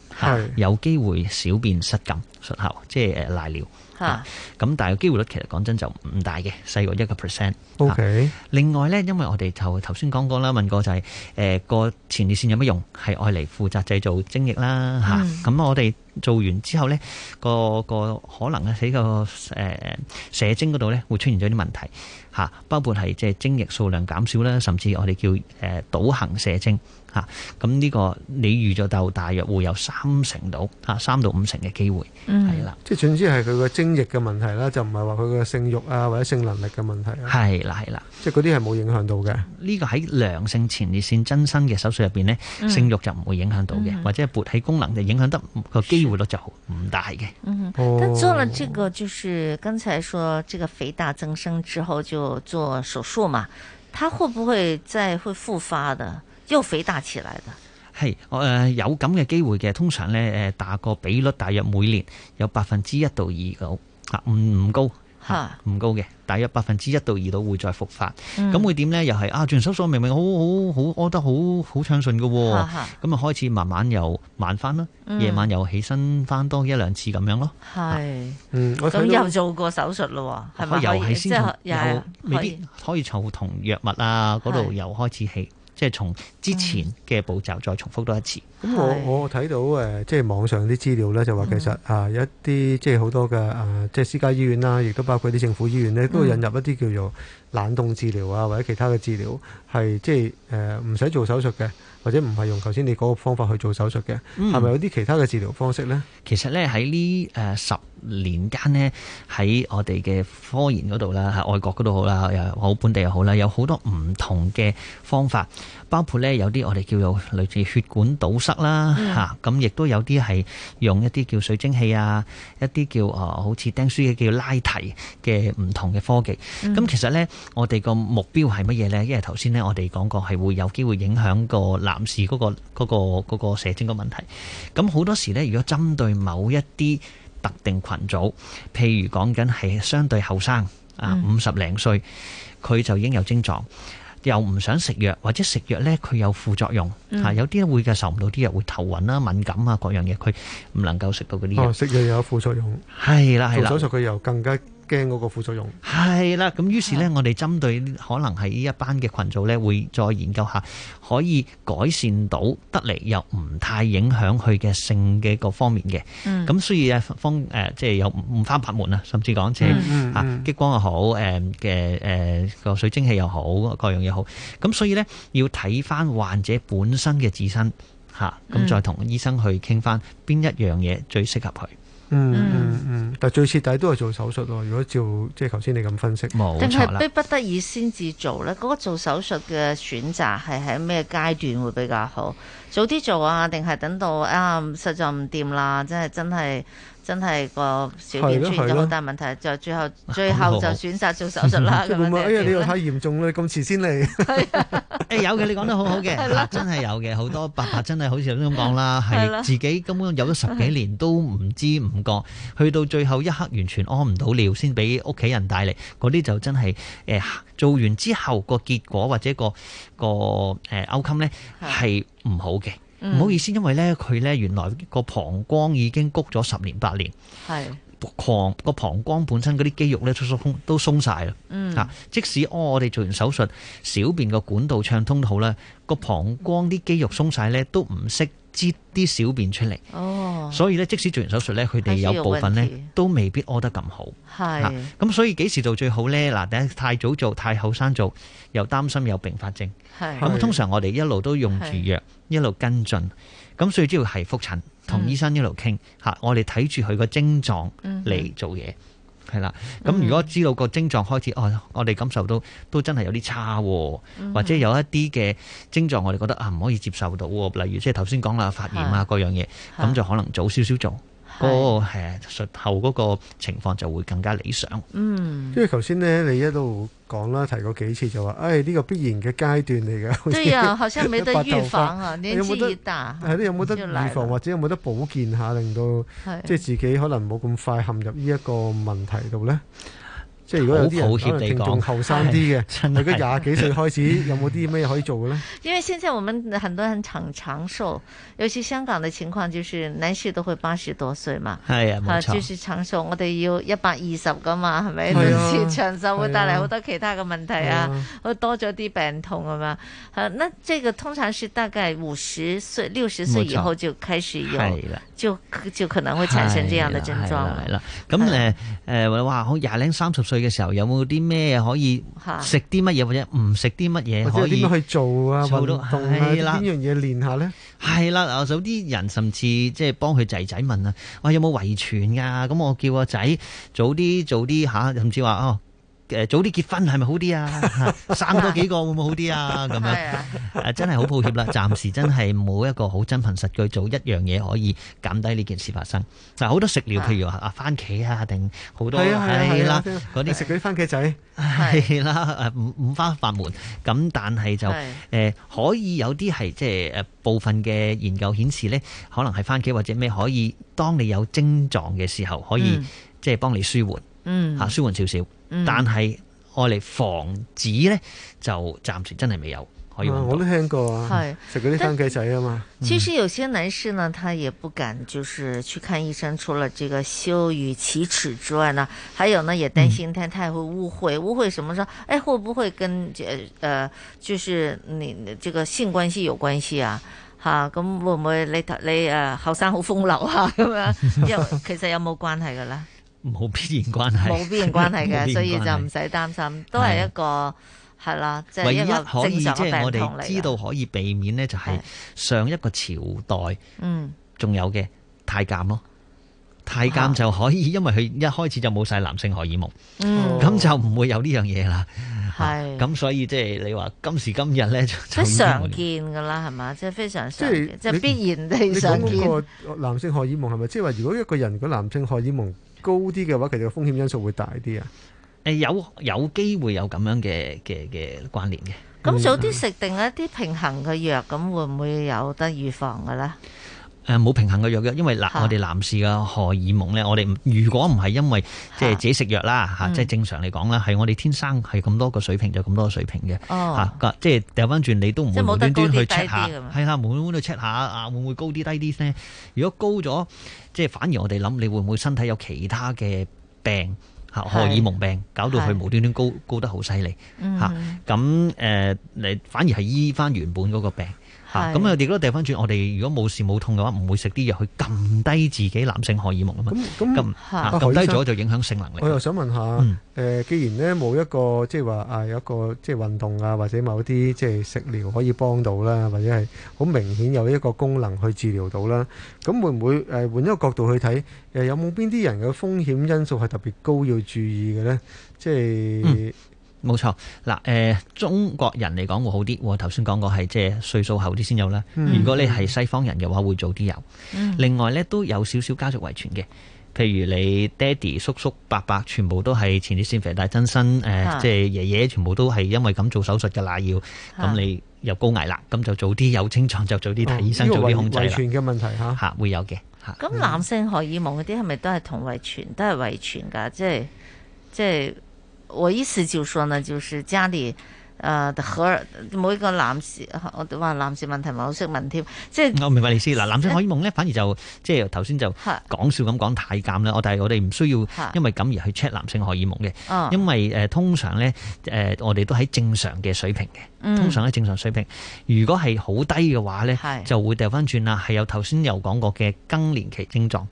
有機會小便失禁、術後即係誒瀨尿，咁、呃啊啊、但係機會率其實講真的就唔大嘅，細過一個 percent。啊、Okay 另外咧，因為我哋就頭先講過啦，問過就係誒個前列腺有乜用？係愛嚟負責製造精液啦，嚇、啊、咁、嗯、我哋做完之後咧，個個可能咧喺個誒、呃、射精嗰度咧會出現咗啲問題嚇、啊，包括係即係精液數量減少啦，甚至我哋叫誒倒、呃、行射精。吓咁呢個你預咗到，大約會有三成到吓、啊，三到五成嘅機會係啦。嗯、了即係總之係佢個精液嘅問題啦，就唔係話佢個性慾啊或者性能力嘅問題啦。係啦係啦，即係嗰啲係冇影響到嘅。呢個喺良性前列腺增生嘅手術入邊呢，嗯、性慾就唔會影響到嘅，嗯、或者勃起功能就影響得個是機會率就唔大嘅、嗯。但做了這個就是剛才說這個肥大增生之後就做手術嘛，他會不會再會復發的？又肥大起來的，係，誒有咁嘅機會嘅，通常咧，誒打個比率，大約每年有百分之一到二度，啊唔唔高，係唔高嘅，大約百分之一到二度會再復發，咁會點咧？又係啊，做完手術明明好好好，覺得好好暢順嘅喎，咁啊開始慢慢又慢翻啦，夜晚又起身翻多一兩次咁樣咯，係，咁又做過手術咯喎，又係先又未必可以湊同藥物啊嗰度又開始起。即係從之前嘅步驟再重複多一次。咁、嗯、是我我睇到誒、就是嗯，即係網上啲資料咧就話，其實啊有一啲即係好多嘅啊，即係私家醫院啦，亦都包括啲政府醫院咧，都引入一啲叫做冷凍治療啊，或者其他嘅治療，係即係誒唔使做手術嘅。或者唔係用頭先你嗰個方法去做手術嘅，係咪、嗯、有啲其他嘅治療方式呢？其實呢喺呢誒十年間呢，喺我哋嘅科研嗰度啦，喺外國嗰度好啦，又好本地又好啦，有好多唔同嘅方法，包括呢有啲我哋叫做類似血管堵塞啦吓，咁亦、嗯啊、都有啲係用一啲叫水蒸氣啊，一啲叫誒、呃、好似釘書嘅叫拉提嘅唔同嘅科技。咁、嗯、其實呢，我哋個目標係乜嘢呢？因為頭先呢我哋講過係會有機會影響個。男士嗰個、嗰個、嗰個射精嘅問題，咁好多時咧，如果針對某一啲特定群組，譬如講緊係相對後生啊，五十零歲，佢就已經有症狀，又唔想食藥，或者食藥咧佢有副作用，吓有啲會就受唔到啲藥，會頭暈啦、敏感啊各樣嘢，佢唔能夠食到嗰啲藥。哦，食藥有副作用，係啦係啦。做手術佢又更加。驚嗰個副作用係啦，咁於是咧，是我哋針對可能係呢一班嘅群組咧，會再研究下可以改善到得嚟，又唔太影響佢嘅性嘅各方面嘅、嗯嗯。嗯，咁所以啊，方誒，即係有五花八門啊，甚至講即係啊，激光又好誒嘅誒個水蒸氣又好，各樣嘢好。咁所以咧，要睇翻患者本身嘅自身吓，咁再同醫生去傾翻邊一樣嘢最適合佢。嗯嗯嗯，嗯嗯，但最徹底都係做手術咯。如果照即係頭先你咁分析，冇錯啦，定係逼不得已先至做咧？嗰個做手術嘅選擇係喺咩階段會比較好？早啲做啊，定係等到啊、哎、實在唔掂啦？真係真係。真係個小便出現咗好大問題，就的最後最後就選擇做手術啦。唔係、嗯，因為呢個、哎、太嚴重啦，咁遲先嚟。誒、 <laughs> 哎，有嘅，你講得好好嘅 <laughs> 了、啊，真係有嘅，多爸爸好多伯伯真係好似咁講啦，係自己根本有咗十幾年都唔知唔覺，去到最後一刻完全屙唔到尿，先俾屋企人帶嚟。嗰啲就真係誒、欸，做完之後個結果或者、那個、那個誒 Outcome 咧係唔好嘅。唔好意思，因為呢，佢呢，原來個膀胱已經谷咗十年八年，係膀個膀胱本身嗰啲肌肉呢，都鬆晒啦。嗯，啊，即使我我哋做完手術，小便個管道暢通都好啦，個膀胱啲肌肉鬆晒呢，都唔識，截啲小便出嚟，哦、所以咧即使做完手術咧，佢哋有部分咧都未必屙得咁好。係，咁、啊、所以幾時做最好咧？嗱，第一，太早做太後生做，又擔心有併發症。係的，咁通常我哋一路都用住藥，的一路跟進，咁所以只要係複診，同醫生一路傾，吓、嗯啊、我哋睇住佢個症狀嚟做嘢。嗯係啦，咁如果知道個症狀開始，mm hmm. 哦，我哋感受到都真係有啲差、哦，mm hmm. 或者有一啲嘅症狀，我哋覺得啊唔可以接受到，例如即係頭先講啦，發炎啊 Yeah. 各樣嘢，咁 Yeah. 就可能早少少做。個誒術後嗰個情況就會更加理想。嗯，因為頭先咧你一路講啦，提過幾次就話，誒呢、呢個必然嘅階段嚟嘅。哈哈對呀、啊，好似冇得預防啊，年紀越大。係有冇得預防或者有冇得保健下，令到即係自己可能冇咁快陷入呢一個問題度咧？ <laughs> 即係如果有啲平仲後生啲嘅，如果廿幾歲開始，是是有冇啲咩可以做嘅咧？因為現在我們很多人長長壽，尤其香港嘅情況，就是男士都會八十多歲嘛。係啊，啊，就是長壽，我哋要一百二十㗎嘛，係咪？而且是、啊、長壽會帶嚟好多其他嘅問題啊，會是、啊、多咗啲病痛啊嘛。嚇、啊，那這個通常是大概五十歲、六十歲以後就開始有。就就可能會產生這樣的症狀啦。咁誒誒，哇！好廿零三十歲嘅時候，有冇啲咩可以食啲乜嘢或者唔食啲乜嘢？或者點樣去做啊？運動啊？邊樣嘢練下咧？係啦，有啲人甚至即係幫佢仔仔問啦，哇！有冇遺傳噶？咁我叫個仔早啲做啲吓，甚至話、哎啊啊、哦。誒，早啲結婚係咪好啲啊？生多幾個會唔會好啲啊？咁樣誒，真係好抱歉啦。暫時真係冇一個好真憑實據做一樣嘢可以減低呢件事發生。嗱，好多食療，譬如啊，番茄啊，定好多係啦，嗰啲食嗰啲番茄仔係啦，五五花八門咁。但係就誒可以有啲係即係誒部分嘅研究顯示咧，可能係番茄或者咩可以當你有症狀嘅時候，可以即係幫你舒緩嗯吓舒緩少少。但係我嚟防止咧，就暫時真係未有可以用、嗯。我都聽過啊，食嗰啲生雞仔啊嘛。但嗯、其實有些男士呢，他也不敢就是去看醫生，除了這個羞於啟齒之外呢，還有呢也擔心太太會誤會、嗯、誤會什麼說？誒、欸、會不會跟誒誒、呃、就是你這個性關係有關係啊？吓、啊，咁會唔會你你誒後生好風流啊咁樣， <laughs> 其實有冇關係㗎啦？冇必然關係，冇必然關係嘅，所以就唔使擔心，都係一個係啦。唯一可以即係我哋知道可以避免呢，就係上一個朝代，嗯，仲有嘅太監咯，太監就可以，因為佢一開始就冇晒男性荷爾蒙，咁就唔會有呢樣嘢啦。係咁，所以即係你話今時今日呢，就係常見噶啦，係嘛？即係非常常即係必然地常見。你講過男性荷爾蒙係咪？即係話如果一個人嘅男性荷爾蒙高啲嘅話，其實個風險因素會大啲啊！誒、呃、有有機會有咁樣嘅嘅嘅關連嘅。咁早啲食定一啲平衡嘅藥，咁會唔會有得預防㗎呢？冇平衡嘅藥嘅，因為我哋男士嘅荷爾蒙咧，我哋、啊、如果唔係因為即係自己食藥啦，吓，即係正常嚟講啦，係我哋天生係咁多個水平就咁多個水平嘅，吓，即係掉翻轉你都唔會、哦、無端端去 check 下，係啦、啊，無端端去 check 下啊，會唔會高啲低啲咧？如果高咗，即係反而我哋諗你會唔會身體有其他嘅病、啊、是 荷爾蒙病搞到佢無端端高高得好犀利，吓，咁誒，你、呃、反而係醫翻原本嗰個病。咁啊！如果掉返轉，我哋如果冇事冇痛嘅話，唔會食啲藥去撳低自己男性荷爾蒙啊嘛。咁咁撳，撳低咗就影響性能力。我又想問下，誒，既然咧冇一個即係話啊，有一個即係運動啊，或者某啲即係食療可以幫到啦，或者係好明顯有一個功能去治療到啦，咁會唔會誒換一個角度去睇誒？有冇邊啲人嘅風險因素係特別高要注意嘅咧？即係。冇錯，嗱，誒、呃，中國人嚟講會好啲，我頭先講過，係即係歲數後啲先有啦。嗯、如果你係西方人嘅話，會早啲有。嗯、另外咧都有少少家族遺傳嘅，譬如你爹哋、叔叔、伯伯，全部都係前列腺肥大增生，誒，呃啊、即係爺爺全部都係因為咁做手術嘅啦，要咁、啊、你又高危啦，咁就早啲有症狀就早啲睇醫生，哦、早啲控制遺。遺傳嘅問題吓、啊、吓會有嘅吓。咁、啊、男性荷爾蒙嗰啲係咪都係同遺傳，都係遺傳噶？即係即係。我意思就說呢，就是家裏的每、呃、一個男士，我都話男士問題唔係好識問添，即係我明白你意思。嗱，男性荷爾蒙咧，反而就是即係頭先就講笑咁講太監啦。是但我但係我哋唔需要因為咁而去 check 男性荷爾蒙嘅，是因為通常咧我哋都喺正常嘅水平嘅，通常喺、呃、正，正常水平。如果係好低嘅話咧，是就會掉翻轉啦。係有頭先又講過嘅更年期症狀。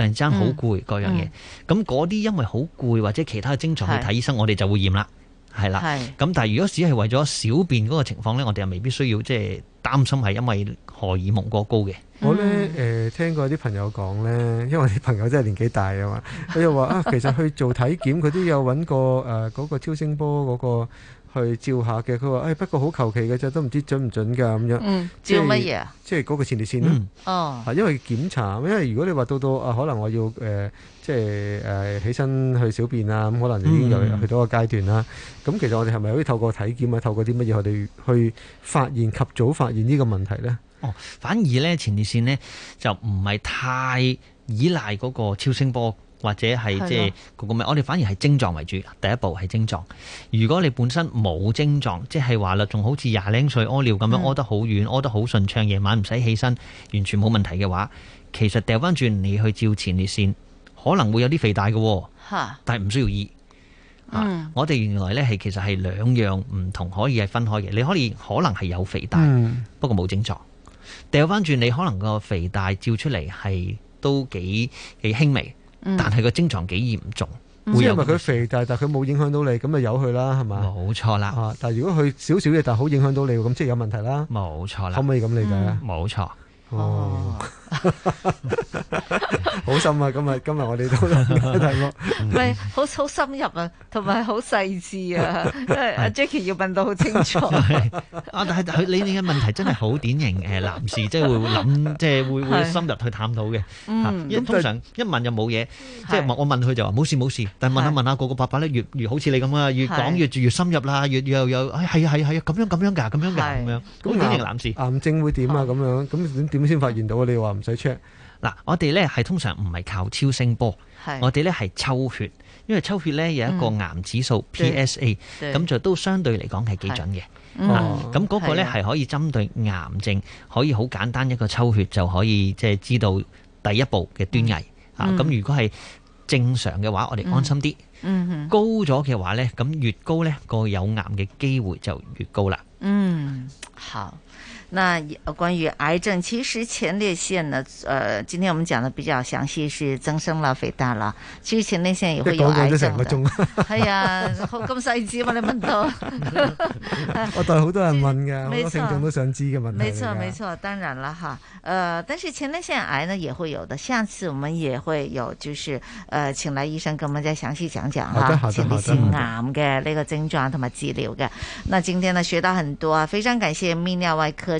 突然間好攰，嗯嗯、各樣嘢，咁嗰啲因為好攰或者其他嘅症狀去睇醫生，是的 我哋就會驗啦，係啦。咁是的 但係如果只係為咗小便嗰個情況咧，我哋又未必需要即係擔心係因為荷爾蒙過高嘅。我咧誒、呃，聽過啲朋友講咧，因為我啲朋友真係年紀大啊嘛，佢又話啊，其實去做體檢佢 <laughs> 都有揾過誒嗰個超聲波嗰、嗰個。去照下嘅，佢話誒，不過好求其嘅啫，都唔知準唔準噶咁、嗯、樣。照乜嘢啊？即係嗰個前列腺咯、嗯。哦，因為檢查，因為如果你話到到，啊，可能我要誒、呃，即係誒、呃，起身去小便啊，咁可能已經有去到個階段啦。咁、嗯、其實我哋係咪可以透過體檢啊，透過啲乜嘢我哋去發現及早發現呢個問題咧？哦，反而咧前列腺咧就唔係太依賴嗰個超聲波。或者係即係個咩？我哋反而係症狀為主。第一步係症狀。如果你本身冇症狀，即係話啦，仲好似廿零歲屙尿咁樣屙得好遠，屙得好順暢，唱夜晚唔使起身，完全冇問題嘅話，其實掉翻轉你去照前列腺可能會有啲肥大嘅，但係唔需要醫、啊。我哋原來呢係其實係兩樣唔同，可以係分開嘅。你可以可能係有肥大，嗯、不過冇症狀。掉翻轉你可能個肥大照出嚟係都幾幾輕微。但係個症狀幾嚴重，因為佢肥大，但係但佢冇影響到你，咁咪由佢啦，係咪？冇錯啦。但係如果佢少少嘢，但係好影響到你，咁即係有問題啦。冇錯啦。可唔可以咁理解啊？冇錯。好深啊！今日今日我哋都大鑊，唔係好好深入啊，同埋好細緻啊。即係阿 Jackie 要問到好清楚。啊，但係佢你你嘅問題真係好典型誒，男士即係會諗，即係會會深入去探討嘅。嗯，因為通常一問就冇嘢，即係我我問佢就話冇事冇事，但係問下問下個個爸爸咧，越越好似你咁啊，越講越越深入啦，越又有係啊係啊係啊，咁樣咁樣㗎，咁樣㗎咁樣。咁典型男士癌症會點啊？咁樣咁點點先發現到啊？你話？唔使 check 嗱，我哋咧係通常唔係靠超聲波，我哋咧係抽血，因為抽血咧有一個癌指數 PSA，咁就都相對嚟講係幾準嘅。啊，咁嗰個咧係可以針對癌症，可以好簡單一個抽血就可以即係知道第一步嘅端倪。啊，咁如果係正常嘅話，我哋安心啲。嗯嗯，高咗嘅話咧，咁越高咧個有癌嘅機會就越高啦。嗯，好。那關於癌症，其實前列腺呢，呃，今天我們講的比較詳細，是增生了，肥大了。其實前列腺也會有癌症的。講了、 <laughs> 哎、成個鐘。係啊，咁細緻，我哋問到。 <laughs> 我帶好多人問嘅，好多聽眾都想知嘅問題沒錯。沒錯沒錯，當然了哈，呃，但是前列腺癌呢也會有的。下次我們也會有，就是呃，請來醫生跟我們再詳細講講哈，前列腺癌嘅那個症狀同埋治療嘅。那今天呢學到很多啊，非常感謝泌尿外科，